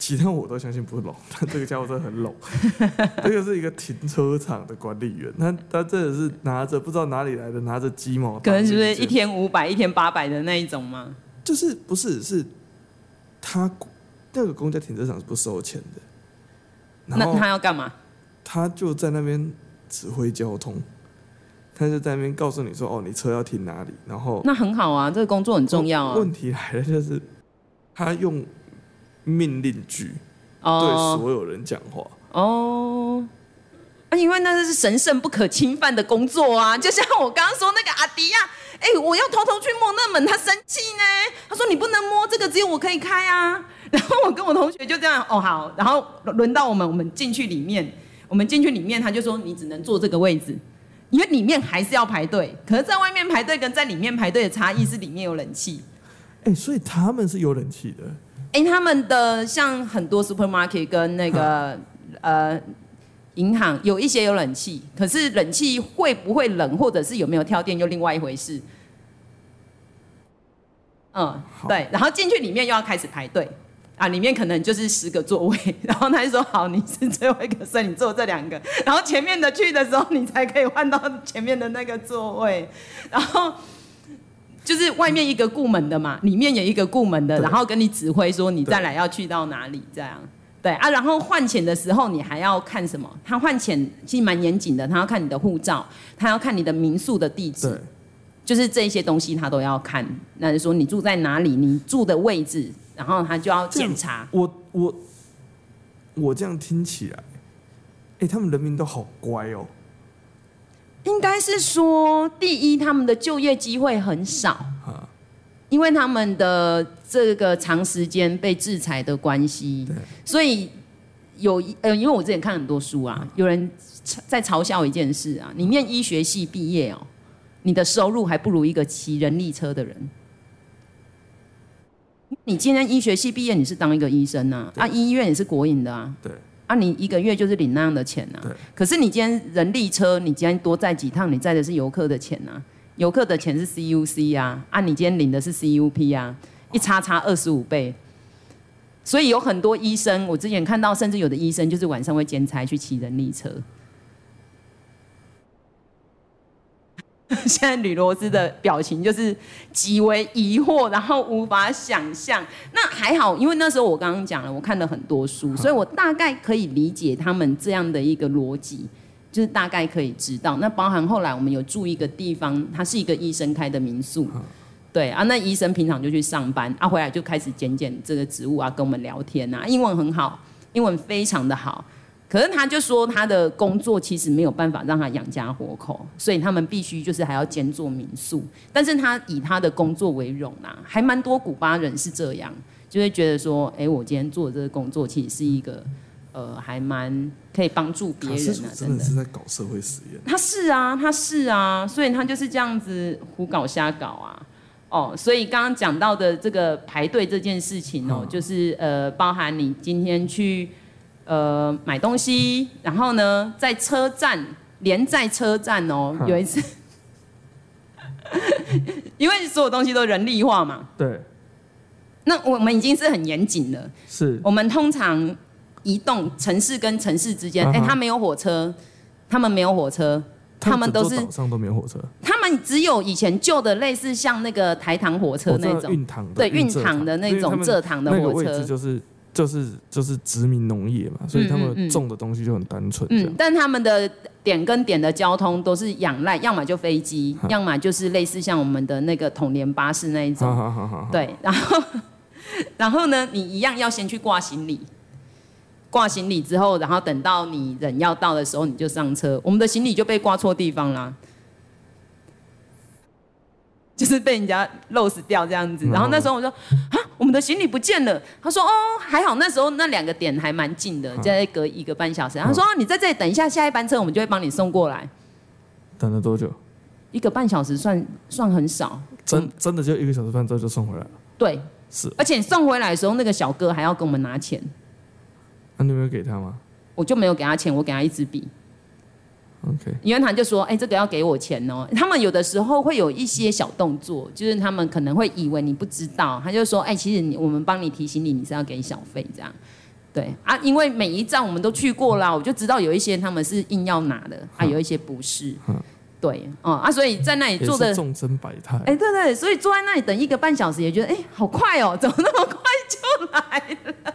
其他我都相信不冷，但這個家伙真的很冷。 這個是一個停車場的管理員，他他真的是拿着不知道哪裡來的拿着雞毛。可能是不是一天五百一天八百的那一種嗎？就是不是是他，他那個公交停車場是不收錢的。那他要幹嘛？他就在那邊指揮交通，他就在那邊告訴你說：“哦，你車要停哪裡？”然後那很好啊，這個工作很重要啊。哦，問題來了，就是他用。命令句，oh, 對所有人講話。哦，啊，因為那是神聖不可侵犯的工作啊！就像我剛剛說那個阿迪亞、啊，哎、欸，我要偷偷去摸那門，他生氣呢。他說你不能摸這個，只有我可以開啊。然後我跟我同學就這樣，哦好，然後輪到我們，我們進去裡面，我們進去裡面，他就說你只能坐這個位置，因為裡面還是要排隊。可是在外面排隊跟在裡面排隊的差異是裡面有冷氣。哎、嗯欸，所以他們是有冷氣的。哎，他們的像很多 supermarket 跟那個呵呃銀行，有一些有冷氣，可是冷氣會不會冷，或者是有沒有跳電，又另外一回事。嗯，好對，然後進去裡面又要開始排隊，啊，裡面可能就是十個座位，然後他就說好，你是最後一個，所以你坐這兩個，然後前面的去的時候，你才可以換到前面的那個座位，然後。就是外面一個顧門的嘛，嗯、裡面有一個顧門的，對然後跟你指揮說，你再來要去到哪裡這樣。對，對啊，然後換錢的時候你還要看什麼？他換錢其實蠻嚴謹的，他要看你的護照，他要看你的民宿的地址，對就是這一些東西他都要看。那就是說你住在哪裡，你住的位置，然後他就要檢查。我我我這樣聽起來，哎、欸，他們人民都好乖哦。應該是說，第一，他們的就業機會很少，Huh. 因為他們的這個長時間被制裁的關係，對，所以有呃，因為我之前看很多書啊，Huh. 有人在嘲笑一件事啊，你念醫學系畢業哦，你的收入還不如一個騎人力車的人。你今天醫學系畢業，你是當一個醫生吶、啊？對啊，醫院也是國營的啊，對。啊，你一個月就是領那樣的錢吶、啊對。可是你今天人力車，你今天多載幾趟，你載的是遊客的錢吶、啊。遊客的錢是 CUC 呀，啊，啊，你今天領的是 CUP 呀，啊，一差差二十五倍。所以有很多醫生，我之前看到，甚至有的醫生就是晚上會兼差去騎人力車。現在呂羅斯的表情就是極為疑惑，然後無法想象。那還好，因為那時候我剛剛講了，我看了很多書，所以我大概可以理解他們這樣的一個邏輯，就是大概可以知道。那包含後來我們有住一個地方，它是一個醫生開的民宿，對啊，那醫生平常就去上班啊，回來就開始剪剪這個植物啊，跟我們聊天啊，英文很好，英文非常的好。可是他就說，他的工作其實沒有辦法讓他養家活口，所以他們必須就是還要兼做民宿。但是他以他的工作為榮啊，還蠻多古巴人是這樣，就會覺得說，哎，我今天做的這個工作其實是一個，呃，還蠻可以幫助別人啊。真的是在搞社會實驗。他是啊，他是啊，所以他就是這樣子胡搞瞎搞啊。哦，所以剛剛講到的這個排隊這件事情哦，嗯、就是呃，包含你今天去。呃，買東西，然後呢，在車站連在車站哦，哈有一次，因為所有東西都人力化嘛。對。那我們已經是很嚴謹了。是。我們通常移動城市跟城市之間，哎、啊哈，他沒有火車，他們沒有火車，他們都是島上都沒有火車。他們只有以前舊的類似像那個台糖火車那種。對，運糖的那種蔗糖的火車。就是就是殖民農業嘛，所以他們種的東西就很單純這樣，嗯嗯嗯。但他們的點跟點的交通都是仰賴，要麼就飛機，哈要麼就是類似像我們的那個統聯巴士那一種。哈哈哈哈哈，對，然後然後呢，你一樣要先去掛行李，掛行李之後，然後等到你人要到的時候，你就上車。我們的行李就被掛錯地方啦。就是被人家 lose 掉這樣子，嗯、然後那時候我說啊、嗯，我們的行李不見了。他說哦，還好那時候那兩個點還蠻近的，就在、啊、隔一個半小時。啊、他說、啊、你在這裡等一下，下一班車我們就會幫你送過來。等了多久？一個半小時算算很少。真、嗯、真的就一個小時半鐘就送回來了。對，是。而且送回來的時候，那個小哥還要跟我們拿錢。那、啊、你沒有給他嗎？我就沒有給他錢，我給他一支筆。Okay. 因為他就說：“哎、欸，這個要給我錢哦、喔。”他們有的時候會有一些小動作，就是他們可能會以為你不知道，他就說：“哎、欸，其實你我們幫你提醒你，你是要給小費這樣。對”對啊，因為每一站我們都去過啦，嗯、我就知道有一些他們是硬要拿的，嗯、啊，有一些不是。嗯、對啊，啊，所以在那裡坐的眾生百態。哎、欸，對,對對，所以坐在那裡等一個半小時，也覺得哎、欸，好快哦、喔，怎麼那麼快就來了？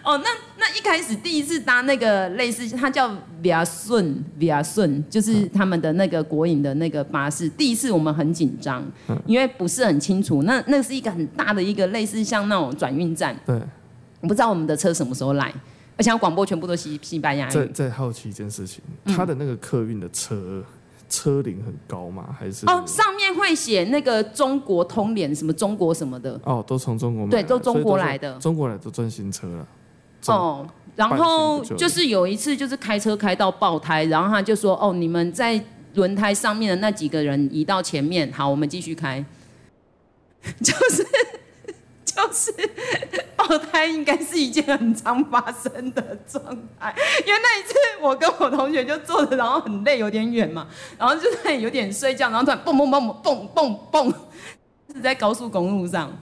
哦，那。一開始第一次搭那個類似，它叫 Via 順 Via 順，就是他們的那個國營的那個巴士。第一次我們很緊張，因為不是很清楚，那那是一個很大的一個類似像那種轉運站。對，我不知道我們的車什麼時候來，而且廣播全部都是西班牙語。再再好奇一件事情，他的那個客運的車、嗯、車齡很高嗎？還是哦，上面會寫那個中國通聯什麼中國什麼的哦，都從中國來對，都中國來，來的，中國來的嶄新車了。哦，然後就是有一次，就是開車開到爆胎，然後他就說：“哦，你們在輪胎上面的那幾個人移到前面，好，我們繼續開。”就是就是就是爆胎應該是一件很常發生的狀態，因為那一次我跟我同學就坐着，然後很累，有點遠嘛，然後就在有點睡覺，然後突然蹦蹦蹦蹦蹦蹦，是在高速公路上。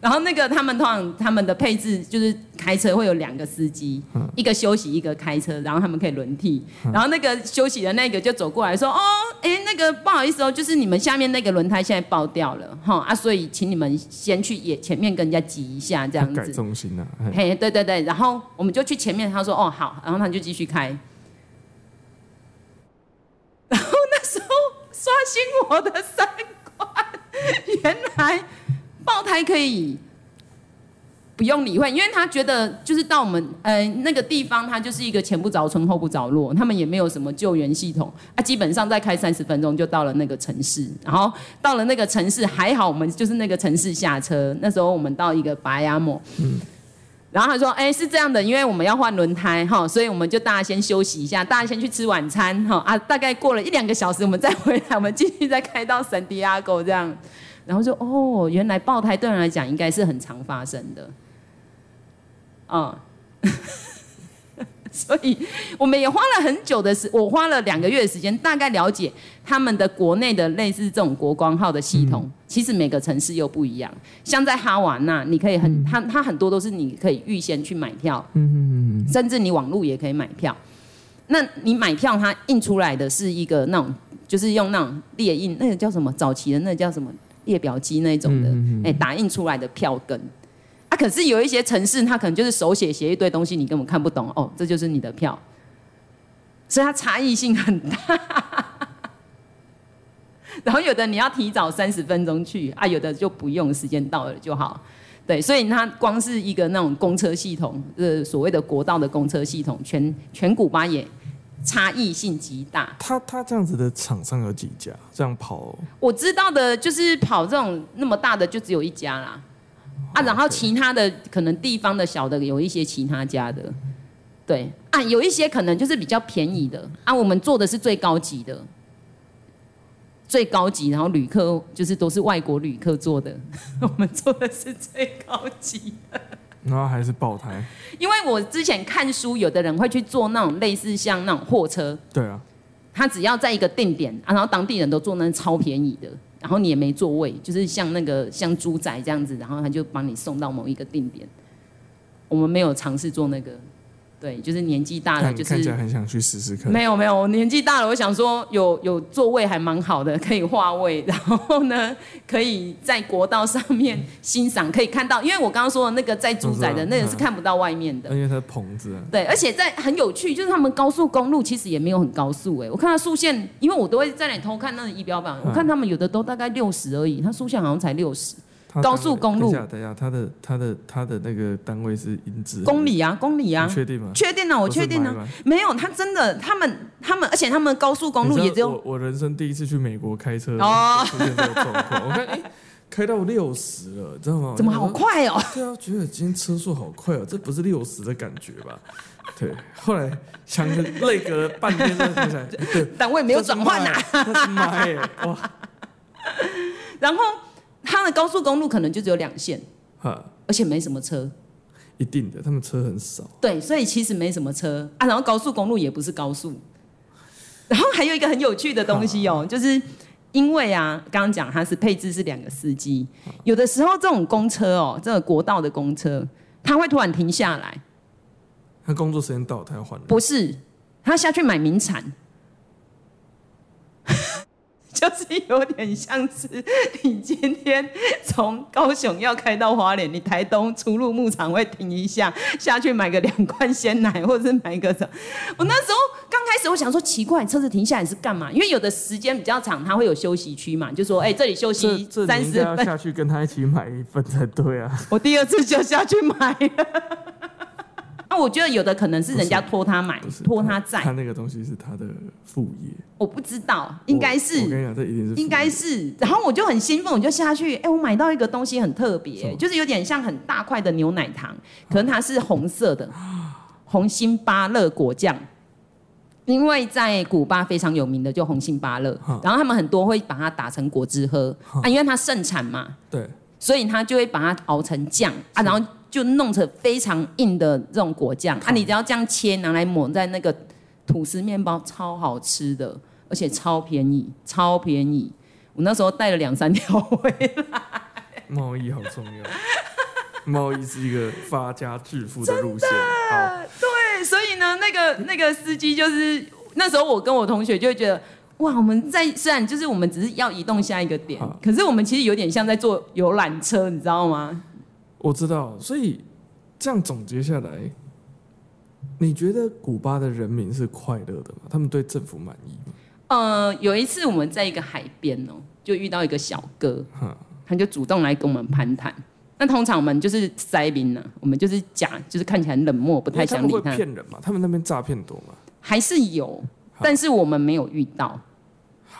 然後那個他們通常他們的配置，就是開車會有兩個司機，嗯、一個休息一個開車，然後他們可以輪替。嗯、然後那個休息的那個就走過來說：“嗯、哦，哎，那個不好意思哦，就是你們下面那個輪胎現在爆掉了，哈、哦、啊，所以請你們先去也前面跟人家擠一下，這樣子。”改中心了、啊。嘿，嘿，對對對，然後我們就去前面，他說：“哦，好。”然後他們就繼續開。然後那時候刷新我的三觀，原來、嗯。嗯爆胎可以不用理會，因為他覺得就是到我們嗯、呃、那個地方，他就是一個前不着村後不着落，他們也沒有什麼救援系統啊。基本上再開三十分鐘就到了那個城市，然後到了那個城市還好，我們就是那個城市下車。那時候我們到一個巴亞莫，嗯，然後他說：“哎、欸，是這樣的，因為我們要換輪胎哈、哦，所以我們就大家先休息一下，大家先去吃晚餐哈、哦、啊。”大概過了一兩個小時，我們再回來，我們繼續再開到聖地亞哥這樣。然後說哦，原來爆胎，對人來講應該是很常發生的，啊、哦，所以我們也花了很久的時，我花了兩個月的時間，大概了解他們的國內的類似這種國光號的系統，嗯、其實每個城市又不一樣。像在哈瓦那，你可以很、嗯、它它很多都是你可以預先去買票，嗯嗯嗯，甚至你網絡也可以買票。那你買票，它印出來的是一個那種，就是用那種列印，那個叫什麼？早期的那個叫什麼？列表機那種的，哎、嗯嗯嗯，欸，打印出來的票根，啊，可是有一些城市，它可能就是手寫寫一堆東西，你根本看不懂哦，這就是你的票，所以它差異性很大。 然後有的你要提早三十分鐘去啊，有的就不用，時間到了就好。對，所以它光是一個那種公車系統，呃、就是，所謂的國道的公車系統，全全古巴也，差異性極大。他他這樣子的廠商有幾家？這樣跑，我知道的就是跑這種那麼大的就只有一家啦。Oh, 啊，然後其他的對可能地方的小的有一些其他家的，對啊，有一些可能就是比較便宜的啊。我們做的是最高級的，最高級，然後旅客就是都是外國旅客做的， 我們做的是最高級的。他還是爆胎，因為我之前看書，有的人會去坐那種類似像那種貨車。對啊，他只要在一個定點啊，然後當地人都坐那超便宜的，然後你也沒座位，就是像那個像豬仔這樣子，然後他就幫你送到某一個定點。我們沒有嘗試坐那個。對，就是年紀大了，看就是看起來很想去試試看。沒有沒有，我年紀大了，我想說有有座位還蠻好的，可以劃位，然後呢，可以在國道上面欣賞，嗯、可以看到，因為我剛剛說的那個在豬宰的，那個是看不到外面的，因為它是棚子。嗯、對，而且在很有趣，就是他們高速公路其實也沒有很高速，欸，哎，我看它速限，因為我都會在那裡偷看那個儀表板，嗯、我看他們有的都大概六十而已，它速限好像才六十。高速公路，等一下，等一下，他的他的他的那個單位是英制，公里啊，公里啊，確定嗎？確定了，我確定了，沒有，他真的，他們他們，而且他們高速公路也只有。我人生第一次去美國開車，出現這個狀況，我看哎，開到六十了，知道嗎？怎麼好快哦？對啊，覺得今天車速好快哦，這不是六十的感覺吧？對，後來想累隔了半天才想起來，單位沒有轉換啊！媽耶！哇，然後。它的高速公路可能就只有兩線，哈，而且沒什麼車，一定的，他們車很少。對，所以其實沒什麼車啊，然後高速公路也不是高速，然後還有一個很有趣的東西哦，哈就是因為啊，剛剛講它是配置是兩個司機，哈有的時候這種公車哦，這個國道的公車，他會突然停下來，他工作時間到了，他要換。不是，他下去買名產。就是有點像是你今天從高雄要開到花蓮，你台東出入牧場會停一下，下去買個兩罐鮮奶，或者是買一個什麼？我那時候剛開始，我想說奇怪，車子停下來是幹嘛？因為有的時間比較長，它會有休息區嘛，就說哎、欸，這裡休息三十。這你要下去跟他一起買一份才對啊！我第二次就下去買了。我覺得有的可能是人家托他買，是托他在。他，他那個東西是他的副業，我不知道，應該是。我跟你講，這一定是副業。應該是。然後我就很興奮，我就下去，哎、欸，我買到一個東西很特別，是嗎就是有點像很大塊的牛奶糖，可能它是紅色的，哈紅心芭樂果醬，因為在古巴非常有名的就是紅心芭樂，哈然後他們很多會把它打成果汁喝，哈啊，因為它盛產嘛，對，所以他就會把它熬成醬嗎啊，然後。就弄成非常硬的這種果醬，好啊，你只要這樣切，拿來抹在那個吐司麵包，超好吃的，而且超便宜，超便宜。我那時候帶了兩三條回來。貿易好重要， 貿易是一個發家致富的路線。真的好對，所以呢，那個那個司機就是那時候我跟我同學就會覺得，哇，我們在雖然就是我們只是要移動下一個點，好可是我們其實有點像在坐遊覽車，你知道嗎？我知道，所以這樣總結下來，你覺得古巴的人民是快樂的嗎？他們對政府滿意嗎？呃，有一次我們在一個海邊哦、喔，就遇到一個小哥，哈他就主動來跟我們攀談。那通常我們就是塞民呢、啊，我們就是假，就是看起來冷漠，不太想理他。會不會騙人嗎？他們那邊詐騙多嗎？還是有，哈但是我們沒有遇到。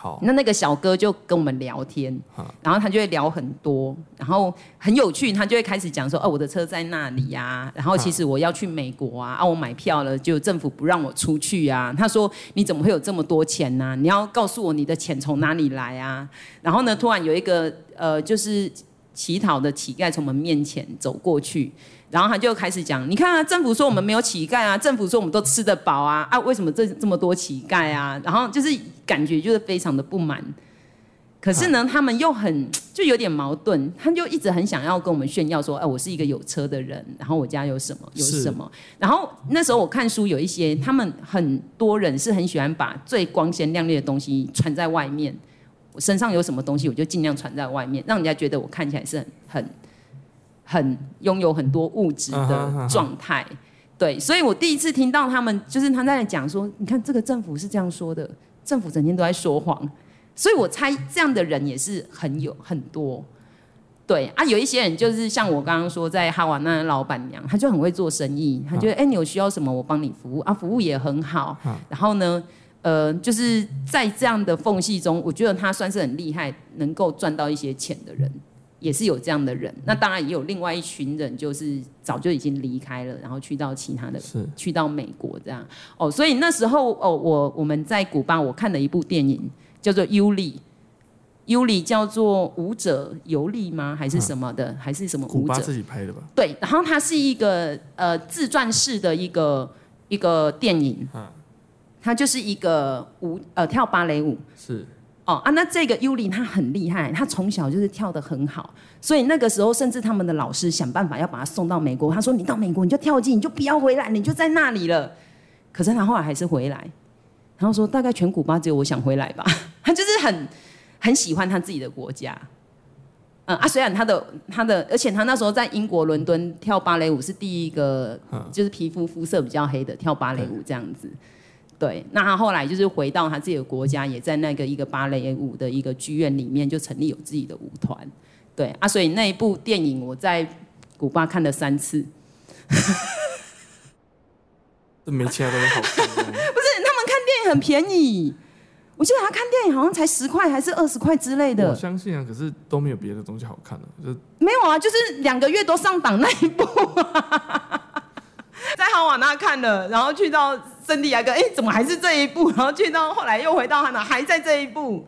好那那個小哥就跟我們聊天，好然後他就會聊很多，然後很有趣，他就會開始講說，哦、啊，我的車在那裡呀、啊，然後其實我要去美國啊，啊，我買票了，就政府不讓我出去啊。他說，你怎麼會有這麼多錢呢、啊？你要告訴我你的錢從哪裡來啊？然後呢，突然有一個呃，就是。乞討的乞丐從我們面前走過去，然後他就開始講：“你看啊，政府說我們沒有乞丐啊，政府說我們都吃得飽啊，啊，為什麼這這麼多乞丐啊？”然後就是感覺就是非常的不滿。可是呢，他們又很就有點矛盾，他就一直很想要跟我們炫耀說：“哎，我是一個有車的人，然後我家有什麼有什麼。是”然後那時候我看書有一些，他們很多人是很喜歡把最光鮮亮麗的東西穿在外面。我身上有什麼東西，我就盡量穿在外面，讓人家覺得我看起來是很很很擁有很多物質的狀態。Uh huh, uh huh. 對，所以我第一次聽到他們，就是他們在講說，你看這個政府是這樣說的，政府整天都在說謊。所以我猜這樣的人也是很有很多。對啊，有一些人就是像我剛剛說，在哈瓦那的老闆娘，她就很會做生意，她覺得哎、uh huh. 欸，你有需要什麼，我幫你服務啊，服務也很好。Uh huh. 然後呢？呃，就是在這樣的縫隙中，我覺得他算是很厲害，能夠賺到一些錢的人，也是有這樣的人。那當然也有另外一群人，就是早就已經離開了，然後去到其他的，是去到美國這樣。哦，所以那時候，哦，我我們在古巴，我看了一部電影，叫做《尤里》，尤里叫做舞者尤利嗎？還是什麼的？啊、還是什麼舞者？古巴自己拍的吧？對，然後它是一個呃自傳式的一個一個電影。啊他就是一個舞，呃，跳芭蕾舞是哦啊。那這個尤里他很厲害，他從小就是跳得很好，所以那個時候甚至他們的老師想辦法要把他送到美國。他說：“你到美國你就跳進，你就不要回來，你就在那裡了。”可是他後來還是回來，然後說：“大概全古巴只有我想回來吧。”他就是很很喜歡他自己的國家。嗯啊，雖然他的他的，而且他那時候在英國倫敦跳芭蕾舞是第一個，嗯、就是皮膚膚色比較黑的跳芭蕾舞這樣子。對，那他後來就是回到他自己的國家，也在那個一個芭蕾舞的一個劇院裡面就成立有自己的舞團。對啊，所以那一部電影我在古巴看了三次。 沒其他東西好看，啊。 不是，他們看電影很便宜，我記得他看電影好像才十塊還是二十塊之類的。我相信啊，可是都沒有別的東西好看了，啊，就沒有啊，就是兩個月都上檔那一部，在 哈瓦那看了，然後去到。聖地亞哥，哎，怎麼還是這一步？然後去到後來又回到他們，還在這一步。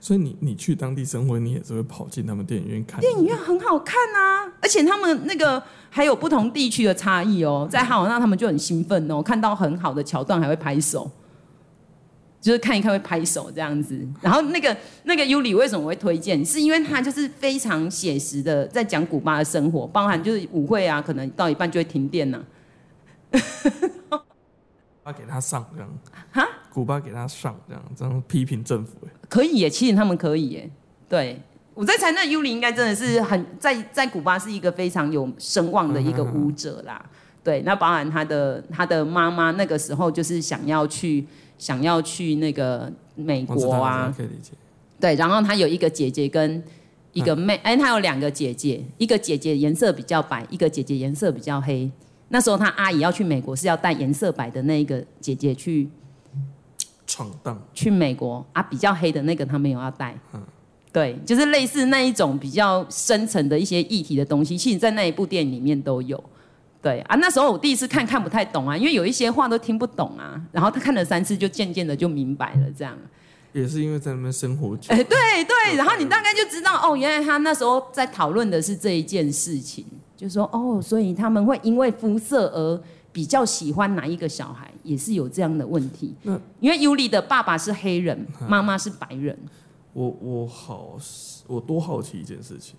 所以你你去當地生活，你也是會跑進他們電影院看。電影院很好看啊，而且他們那個還有不同地區的差異哦。在哈瓦那，他們就很興奮哦，看到很好的橋段還會拍手，就是看一看會拍手這樣子。然後那個那個尤里為什麼會推薦？是因為他就是非常寫實的在講古巴的生活，包含就是舞會啊，可能到一半就會停電了、啊。 古巴給他上這樣，哈蛤？古巴給他上這樣，這樣批評政府、欸、可以耶，其實他們可以耶。對，我在猜，那尤里應該真的是很在在古巴是一個非常有聲望的一個舞者啦。啊啊啊啊啊對，那包含他的他的媽媽那個時候就是想要去想要去那個美國啊，可以理解，對，然後他有一個姐姐跟一個妹，哎、啊欸，他有兩個姐姐，一個姐姐顏色比較白，一個姐姐顏色比較黑。那時候他阿姨要去美國，是要帶顏色白的那一個姐姐去闖蕩，去美國啊，比較黑的那個他沒有要帶。嗯，對，就是類似那一種比較深層的一些議題的東西，其實在那一部電影裡面都有。對啊，那時候我第一次看看不太懂啊，因為有一些話都聽不懂啊。然後他看了三次，就漸漸的就明白了這樣。也是因為在那邊生活久了。對對，對感，然後你大概就知道哦，原來他那時候在討論的是這一件事情。就說哦，所以他們會因為膚色而比較喜歡哪一個小孩，也是有這樣的問題。嗯那，因為尤里的爸爸是黑人，媽媽、啊、是白人。我我好，我多好奇一件事情，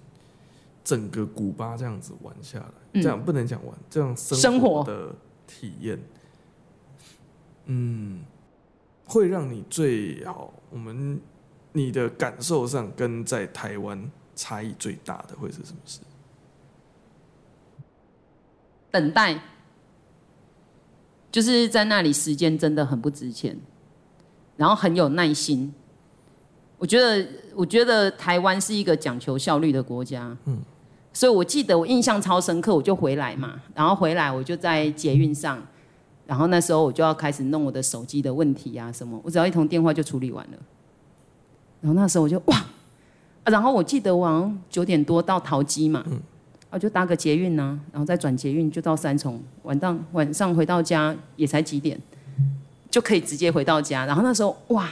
整個古巴這樣子玩下來，嗯、這樣不能講玩，這樣生活的體驗，活嗯，會讓你最好我們你的感受上跟在台灣差異最大的會是什麼事？等待，就是在那裡，時間真的很不值錢，然後很有耐心。我覺得，我覺得台灣是一個講求效率的國家。嗯，所以我記得我印象超深刻，我就回來嘛，然後回來我就在捷運上，然後那時候我就要開始弄我的手機的問題啊什麼，我只要一通電話就處理完了。然後那時候我就哇，啊，然後我記得我好像九點多到桃機嘛。嗯我就搭個捷運吶、啊，然後再轉捷運就到三重。晚上晚上回到家也才幾點，就可以直接回到家。然後那時候哇，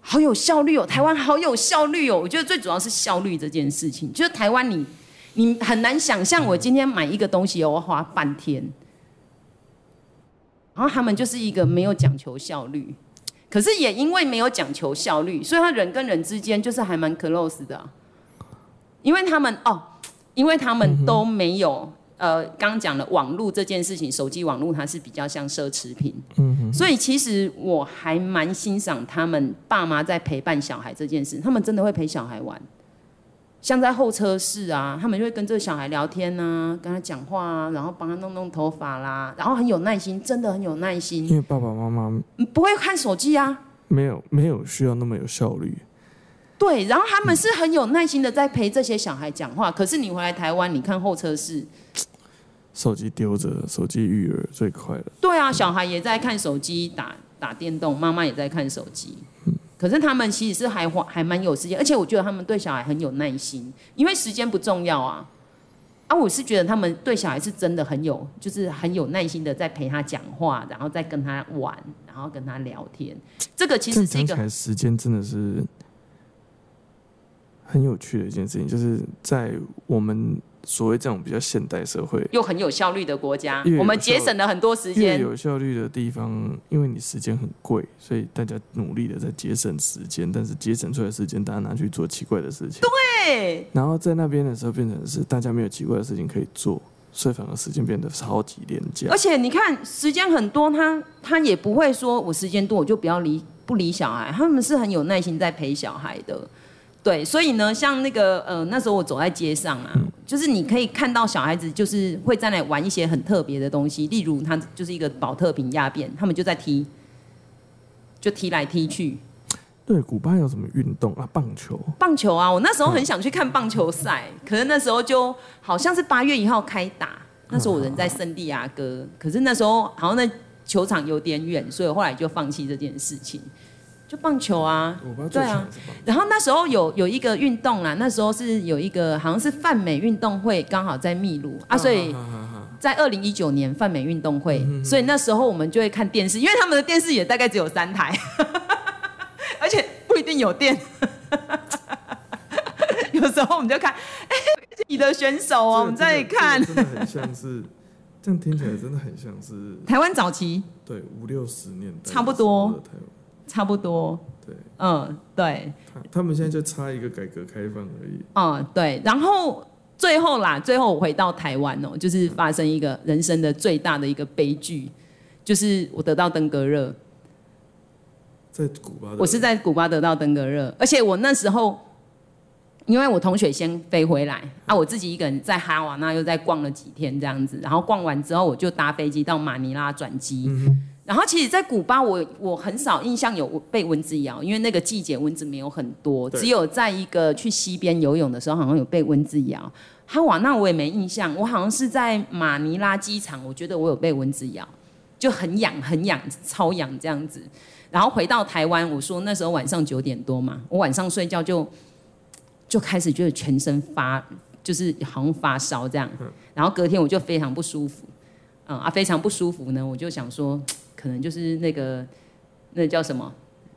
好有效率哦，台灣好有效率哦。我覺得最主要是效率這件事情。就是台灣你你很難想象，我今天買一個東西我、哦、我花半天。然後他們就是一個沒有講求效率，可是也因為沒有講求效率，所以他人跟人之間就是還蠻 close 的，因為他們哦。因為他們都沒有，嗯哼。呃，剛講的網絡這件事情，手機網絡它是比較像奢侈品，嗯哼。所以其實我還蠻欣賞他們爸媽在陪伴小孩這件事，他們真的會陪小孩玩，像在候車室啊，他們就會跟這個小孩聊天啊，跟他講話啊，然後幫他弄弄頭髮啦，然後很有耐心，真的很有耐心。因為爸爸媽媽，不會看手機啊？沒有，沒有需要那麼有效率。對，然後他們是很有耐心的在陪這些小孩講話。嗯、可是你回來台灣，你看候車室，手機丟着，手機育兒最快了。對啊，嗯、小孩也在看手機打打電動，媽媽也在看手機。嗯、可是他們其實是還還蠻有時間，而且我覺得他們對小孩很有耐心，因為時間不重要啊。啊，我是覺得他們對小孩是真的很有，就是很有耐心的在陪他講話，然後再跟他玩，然後跟他聊天。這個其實聽起來時間，真的是。很有趣的一件事情，就是在我們所謂這種比較現代社會又很有效率的國家，我們節省了很多時間。有效率的地方，因為你時間很貴，所以大家努力的在節省時間，但是節省出來的時間大家拿去做奇怪的事情。對。然後在那邊的時候，變成是大家沒有奇怪的事情可以做，所以反而時間變得超級廉價。而且你看，時間很多，他他也不會說我時間多我就不要理不理小孩，他們是很有耐心在陪小孩的。對，所以呢，像那個呃，那時候我走在街上啊，嗯、就是你可以看到小孩子，就是會在那玩一些很特別的東西，例如他就是一個保特瓶壓扁，他們就在踢，就踢來踢去。對，古巴有什麼運動啊？棒球。棒球啊，我那時候很想去看棒球賽，嗯、可是那時候就好像是八月一號開打，那時候我人在聖地亞哥，啊、可是那時候好像那球場有點遠，所以我後來就放棄這件事情。就棒球啊，對啊，然後那時候有有一個運動啦，那時候是有一個好像是泛美運動會剛好在秘魯啊，所以在二零一九年泛美運動會，嗯、哼哼，所以那時候我們就會看電視，因為他們的電視也大概只有三台， 而且不一定有電， 有時候我們就看，欸、你的選手哦，這個、我們在看，真的很像是， 這樣聽起來真的很像是台灣早期，對，五六十年代差不多。差不多，對，嗯，對。他、他們現在就差一個改革開放而已。嗯，對。然後最後啦，最後我回到台灣哦，就是發生一個人生的最大的一個悲劇，就是我得到登革熱。在古巴，我是在古巴得到登革熱，而且我那時候，因為我同學先飛回來、嗯、啊，我自己一個人在哈瓦那又在逛了幾天這樣子，然後逛完之後我就搭飛機到馬尼拉轉機。嗯然後其實，在古巴我我很少印象有被蚊子咬，因為那個季節蚊子沒有很多。只有在一個去溪邊游泳的時候，好像有被蚊子咬。哈瓦對那我也沒印象，我好像是在馬尼拉機場，我覺得我有被蚊子咬，就很癢、很癢、超癢這樣子。然後回到台灣，我說那時候晚上九點多嘛，我晚上睡覺就就開始覺得全身發，就是好像發燒這樣。嗯、然後隔天我就非常不舒服，嗯啊非常不舒服呢，我就想說。可能就是那個，那個、叫什麼，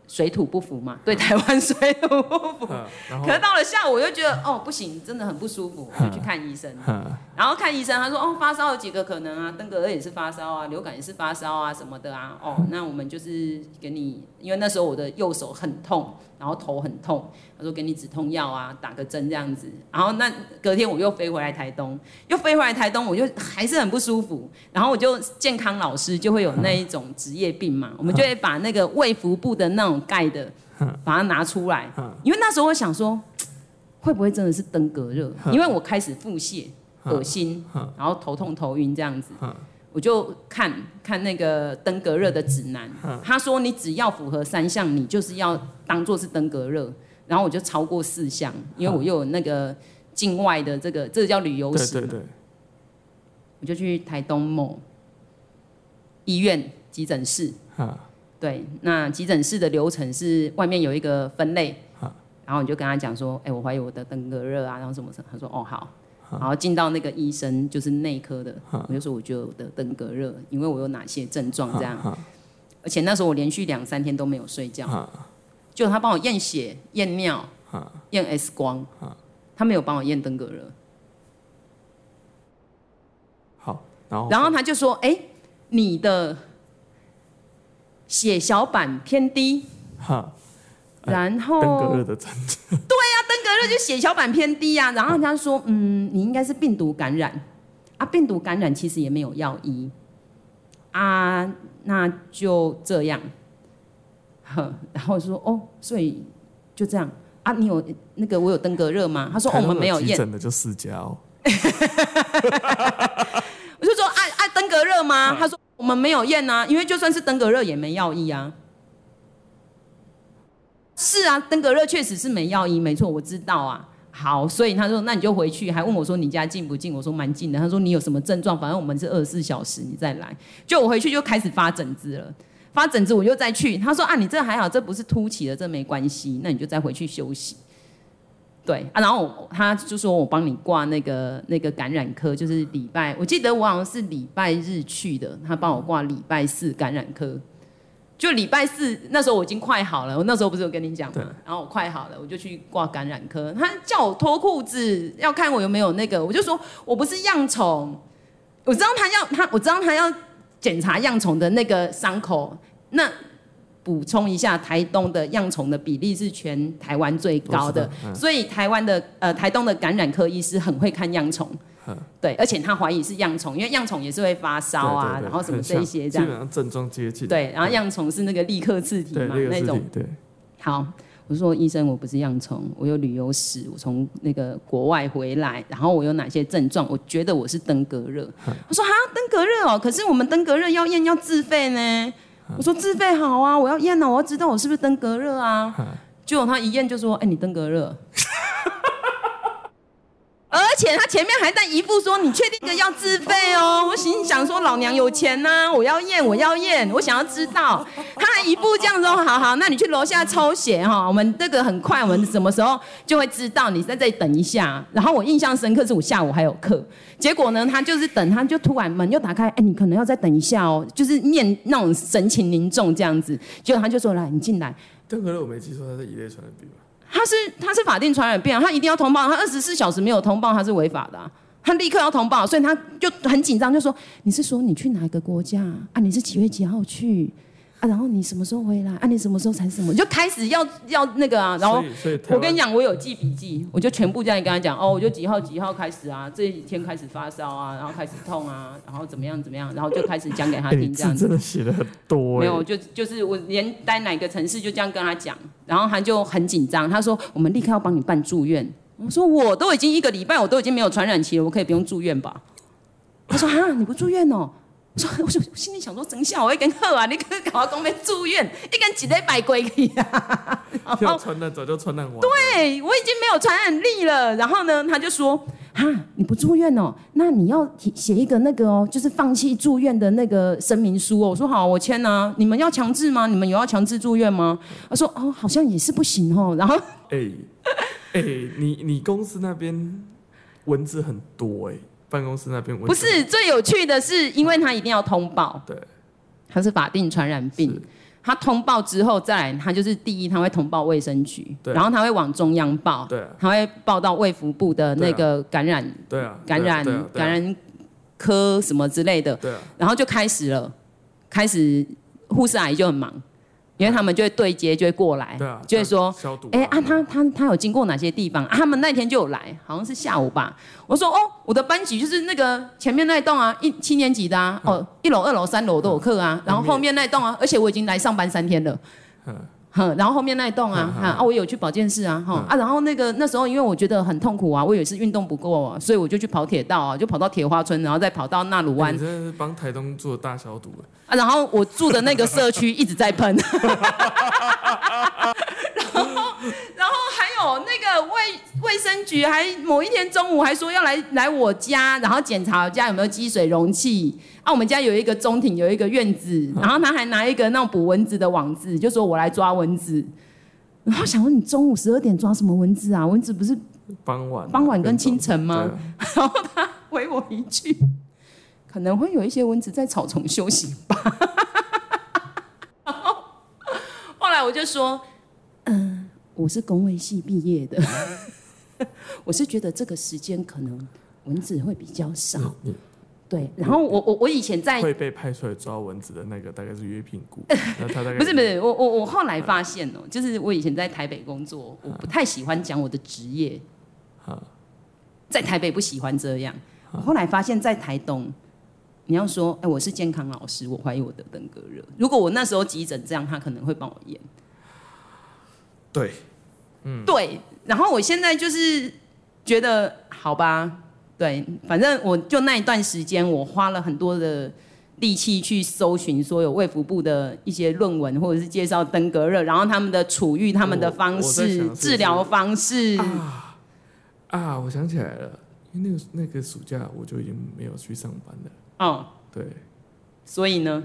水土不服嘛，對台灣水土不服。可是到了下午，我又覺得哦，不行，真的很不舒服，我就去看醫生。呵然後看醫生，他說哦，發燒有幾個可能啊，登革熱也是發燒啊，流感也是發燒啊什麼的啊。哦，那我們就是給你，因為那時候我的右手很痛。然後頭很痛，他說給你止痛藥啊，打個針這樣子。然後那隔天我又飛回來台東，又飛回來台東，我就還是很不舒服。然後我就健康老師就會有那一種職業病嘛，我們就會把那個衛福部的那種蓋的，把它拿出來。因為那時候我想說，會不會真的是登革熱？因為我開始腹瀉、噁心，然後頭痛、頭暈這樣子。我就看看那個登革熱的指南，嗯、他說你只要符合三項，你就是要當做是登革熱。然後我就超過四項，哈因為我又有那個境外的這個，這個叫旅遊史。對對對。我就去台東某醫院急診室。哈對，那急診室的流程是外面有一個分類。哈然後你就跟他講說，哎，我懷疑我的登革熱啊，然後什麼什麼。他說，哦，好。然後進到那個醫生，就是內科的。我哈就說我覺得我得登革熱，因為我有哪些症狀這樣，而且那時候我連續兩三天都沒有睡覺，哈就他幫我驗血、驗尿、哈驗 X 光。哈他沒有幫我驗登革熱。好，然後然後他就說，哎，你的血小板偏低。哈然後對呀、啊，登革熱就血小板偏低呀、啊。 然後人家說，嗯，你應該是病毒感染啊，病毒感染其實也沒有藥醫啊，那就這樣。然後說，哦，所以就這樣啊，你有那個我有登革熱嗎？他說、嗯、他說我們沒有驗。真的就私教，我就說啊，啊登革熱嗎？他說我們沒有驗吶，因為就算是登革熱也沒藥醫啊。是啊，登革熱確實是沒藥醫，沒錯，我知道啊。好，所以他說那你就回去，還問我說你家近不近？我說蠻近的。他說你有什麼症狀？反正我們是二十四小時，你再來。就我回去就開始發疹子了，發疹子我就再去。他說啊，你這還好，這不是凸起的，這沒關係。那你就再回去休息。對啊，然後他就說我幫你掛那個那個感染科，就是禮拜，我記得我好像是禮拜日去的，他幫我掛禮拜四感染科。就禮拜四那時候我已經快好了，我那時候不是有跟你講嘛？對了然後我快好了，我就去掛感染科，他叫我脫褲子要看我有沒有那個，我就說我不是恙蟲，我知道他要他，我知道他要檢查恙蟲的那個傷口。那補充一下，台東的恙蟲的比例是全台灣最高的，嗯、所以台灣的呃台東的感染科醫師很會看恙蟲。 對，而且他懷疑是恙蟲，因為恙蟲也是會發燒啊，對對對然後什麼這一些這樣。基本上症狀接近。對，然後恙蟲是那個立刻刺體嘛刺體那種。對。好，我說醫生，我不是恙蟲，我有旅遊史，我從那個國外回來，然後我有哪些症狀？我覺得我是登革熱。 我說啊，登革熱哦，可是我們登革熱要驗要自費呢。 我說自費好啊，我要驗啊，我要知道我是不是登革熱啊。 結果他一驗就說，哎、欸，你登革熱。而且他前面還帶一步說：“你確定的要自費哦？”我心想說：“老娘有錢吶、啊，我要驗，我要驗，我想要知道。”他還一步這樣說：“好好，那你去樓下抽血哈、哦，我們這個很快，我們什麼時候就會知道？你在這裡等一下。”然後我印象深刻是我下午還有課，結果呢，他就是等，他就突然門又打開，哎，你可能要再等一下哦，就是念那種神情凝重這樣子。結果他就說：“來，你進來。”但可能我沒記錯，他是乙類傳染病吧？他是他是法定傳染病啊，他一定要通報，他二十四小時沒有通報，他是違法的啊，他立刻要通報，所以他就很緊張，就說，你是說你去哪個國家啊？你是幾月幾號去？啊、然後你什麼時候回來？那、啊、你什麼時候才什麼，你就開始要要那個啊。然後我跟你講，我有記筆記，我就全部這樣跟他講。哦，我就幾號幾號開始啊？這幾天開始發燒啊，然後開始痛啊，然後怎麼樣怎麼樣？然後就開始講給他聽，欸、這樣子。真的寫得很多。沒有，就就是我連待哪個城市就這樣跟他講，然後他就很緊張。他說：“我們立刻要幫你辦住院。”我說：“我都已經一個禮拜，我都已經沒有傳染期了，我可以不用住院吧？”他說：“啊，你不住院哦。”我說，我說，心裡想說，真笑，我已經好啊，你跟搞到東邊住院，已經幾禮拜過去啊！要傳染早就傳染我。對，我已經沒有傳染力了。然後呢，他就說，哈，你不住院哦，那你要寫一個那個哦，就是放棄住院的那個聲明書哦。我說好，我簽啊。你們要強制嗎？你們有要強制住院嗎？他說哦，好像也是不行哦。然後，哎、欸，哎、欸，你你公司那邊蚊子很多哎、欸。辦公室那邊不是最有趣的是，因為他一定要通報，啊、對，他是法定傳染病，是他通報之後再來，再他就是第一，他會通報衛生局，對然後他會往中央報，啊、他會報到衛福部的那個感染，對啊，對啊感染、啊啊啊、感染科什麼之類的，對、啊，然後就開始了，開始護士阿姨就很忙。因為他們就會對接，就會過來，啊、就會說，哎啊，啊，他他他有經過哪些地方？啊，他們那天就有來，好像是下午吧。我說，哦，我的班級就是那個前面那一棟啊，一七年級的啊，嗯、哦，一樓、二樓、三樓都有課啊，嗯、然後後面那一棟啊，嗯、而且我已經來上班三天了。嗯。然後後面那一棟啊，啊,哈啊，我有去保健室啊，哈，啊，啊、然後那個那時候因為我覺得很痛苦啊，我也是運動不夠、啊，所以我就去跑鐵道啊，就跑到鐵花村，然後再跑到納魯灣。你是幫台東做大消毒、啊？啊，然後我住的那個社區一直在噴。 然後哦，那個衛衛生局還某一天中午還說要來來我家，然後檢查我家有沒有積水容器。啊，我們家有一個中庭，有一個院子，蛤然後他還拿一個那種捕蚊子的網子，就說我來抓蚊子。然後想問你中午十二點抓什麼蚊子啊？蚊子不是傍晚、啊、傍晚跟清晨嗎？然後他回我一句，可能會有一些蚊子在草叢休息吧。 然後後來我就說。我是公衛系畢業的， 我是覺得這個時間可能蚊子會比較少，嗯嗯、對。然後我我、嗯嗯、我以前在會被派出來抓蚊子的那個大概是約聘， 是不是不是，我我我後來發現哦、喔、啊、就是我以前在台北工作，我不太喜歡講我的職業。啊、在台北不喜歡這樣。啊、後來發現在台東，你要說，哎、欸，我是健康老師，我懷疑我的登革熱。如果我那時候急診這樣，他可能會幫我驗。對，嗯，對，然後我現在就是覺得好吧，對，反正我就那一段時間，我花了很多的力氣去搜尋，所有衛福部的一些論文，或者是介紹登革熱，然後他們的處遇，他們的方式，治療方式啊啊，我想起來了，因為那個那個暑假，我就已經沒有去上班了，嗯、哦，對，所以呢，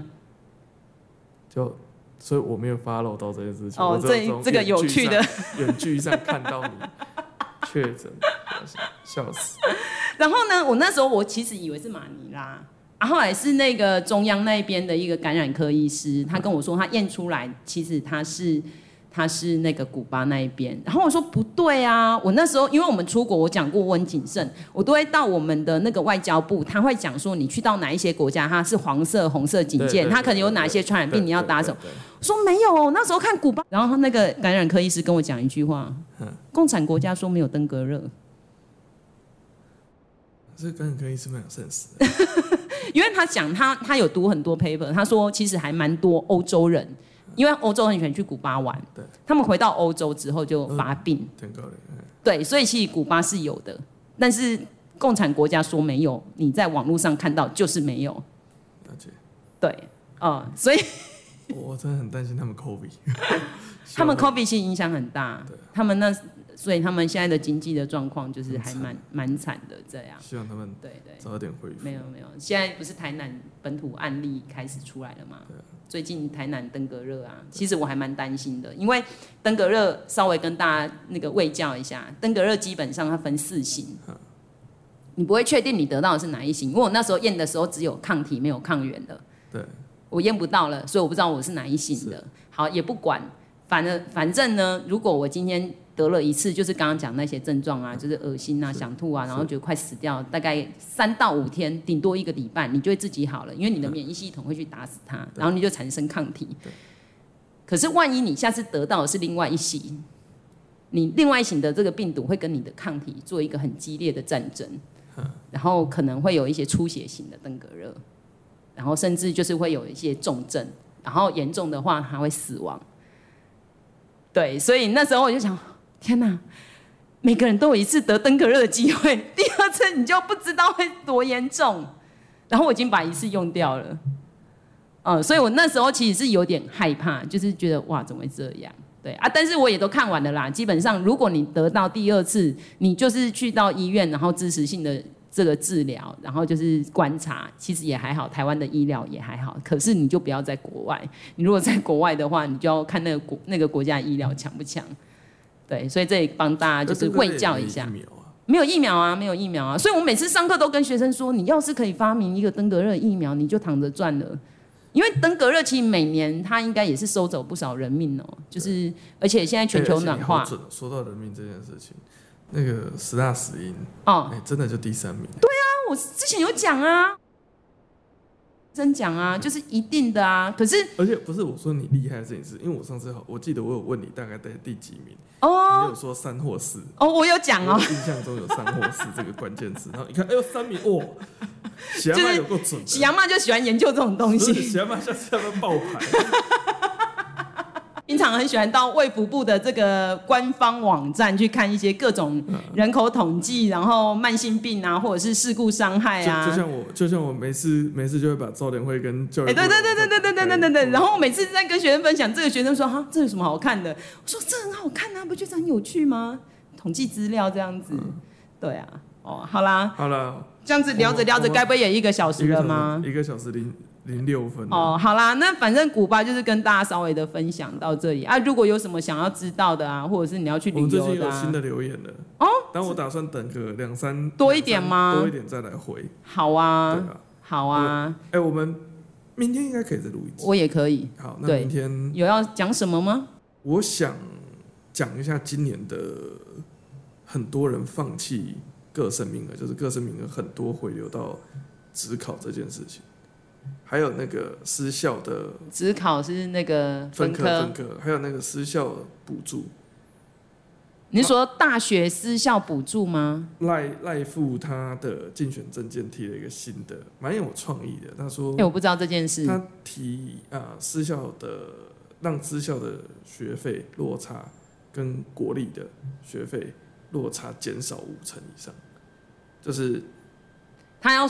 就。所以我沒有 follow 到這件事情。哦，我這這個有趣的， 遠距上看到你 確診，笑死。 然後呢，我那時候我其實以為是馬尼拉，然、啊、後還是那個中央那邊的一個感染科醫師，他跟我說他驗出來，其實他是。他是那個古巴那一邊，然後我說不對啊，我那時候因為我們出國，我講過我很謹慎，我都會到我們的那個外交部，他會講說你去到哪一些國家，他是黃色、紅色警戒，他可能有哪一些傳染病你要打針。說沒有喔，那時候看古巴，然後那個感染科醫師跟我講一句話，共產國家說沒有登革熱，這感染科醫師蠻有 sense，因為他講他他有讀很多 paper，他說其實還蠻多歐洲人。因為歐洲很喜歡去古巴玩，對他們回到歐洲之後就發病。嗯嗯、對，所以其實古巴是有的，但是共產國家說沒有，你在網絡上看到就是沒有。大姐解對，啊、呃，所以。我真的很擔心他們 COVID。 他們 COVID 其實影響很大。對他們那。所以他們現在的經濟的狀況就是還蠻蠻慘的這樣。希望他們對對早點恢復。沒有沒有，現在不是台南本土案例開始出來了嗎？對啊。最近台南登革熱啊，其實我還蠻擔心的，因為登革熱稍微跟大家那個衛教一下，登革熱基本上它分四型。哈你不會確定你得到的是哪一型，因為我那時候驗的時候只有抗體沒有抗原的。對。我驗不到了，所以我不知道我是哪一型的。是好，也不管。反正反正呢，如果我今天得了一次，就是剛剛講那些症狀啊，就是噁心啊、是想吐啊，然後就快死掉，大概三到五天，嗯、頂多一個禮拜，你就會自己好了，因為你的免疫系統會去打死它，嗯、然後你就產生抗體。對可是萬一你下次得到的是另外一型，對你另外一型的這個病毒會跟你的抗體做一個很激烈的戰爭，嗯、然後可能會有一些出血型的登革熱，然後甚至就是會有一些重症，然後嚴重的話還會死亡。對，所以那時候我就想，天哪，每個人都有一次得登革熱的機會，第二次你就不知道會多嚴重。然後我已經把一次用掉了，嗯，所以我那時候其實是有點害怕，就是覺得哇，怎麼會這樣？對啊，但是我也都看完了啦。基本上，如果你得到第二次，你就是去到醫院，然後支持性的。這個治療，然後就是觀察，其實也還好，台灣的醫療也還好。可是你就不要在國外，你如果在國外的話，你就要看那個國那個國家的醫療強不強。對，所以這裡幫大家就是衛教一下，沒，啊、沒有疫苗啊，沒有疫苗啊。所以我每次上課都跟學生說，你要是可以發明一個登革熱疫苗，你就躺着賺了。因為登革熱其實每年它應該也是收走不少人命哦。對就是而且現在全球暖化，哦，說到人命這件事情。那個十大死因哦，哎、oh. 欸，真的就第三名。對啊，我之前有講啊，真講啊，嗯、就是一定的啊。可是而且不是我說你厲害這件事，因為我上次好，我記得我有問你大概在第幾名哦，oh. 你有說三或四、oh, 哦，我有講哦，印象中有三或四這個關鍵詞， 然後你看，哎呦，三名哦，洗阿罵有夠準，洗阿罵就喜歡研究這種東西， 洗阿罵下次要不要爆牌。 經常很喜歡到衛福部的這個官方網站去看一些各種人口統計，啊、然後慢性病啊，或者是事故傷害啊。就，就像我，就像我每次每次就會把趙連惠跟教育、欸。對對對對。然後我每次在跟學生分享，這個學生說：“哈、啊，這有什麼好看的？”我說：“這很好看啊，不覺得很有趣嗎？統計資料這樣子，啊對啊，哦，好啦，好了啦，這樣子聊着聊着，該不會也一個小時了嗎？一個小時零。零六分哦，oh, 好啦，那反正古巴就是跟大家稍微的分享到這裡啊。如果有什麼想要知道的啊，或者是你要去旅遊、啊、我們最近有新的留言了哦。Oh? 但我打算等個兩三多一點嗎？多一點再來回。好啊，啊好啊。哎、欸，我們明天應該可以再錄一次，我也可以。好，那明天有要講什麼嗎？我想講一下今年的很多人放棄個申名額，就是個申名額很多回流到指考這件事情。還有那個私校的指考是那個分科、分科，還有那個私校補助。你是說大學私校補助嗎？賴賴富他的競選政見提了一個新的，蠻有創意的。他說：我不知道這件事。他提啊，私校的讓私校的學費落差跟國立的學費落差減少五成以上，就是他要。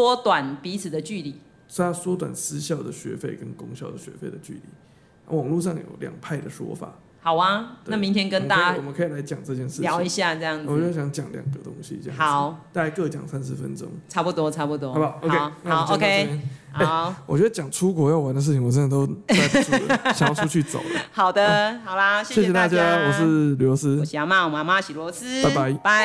縮短彼此的距離，是要縮短私校的學費跟公校的學費的距離。網絡上有兩派的說法。好啊，那明天跟大家，我們可以來講這件事，聊一下這樣子。我就想講兩個東西這樣子，好，大概各講三十分鐘。差不多，差不多，好不好？好 OK，好。我覺得講出國要玩的事情，我真的都耐不住，想要出去走了。好的，好啦，謝謝大家。我是劉羅斯。我是阿嬤，我媽媽洗螺絲。拜拜。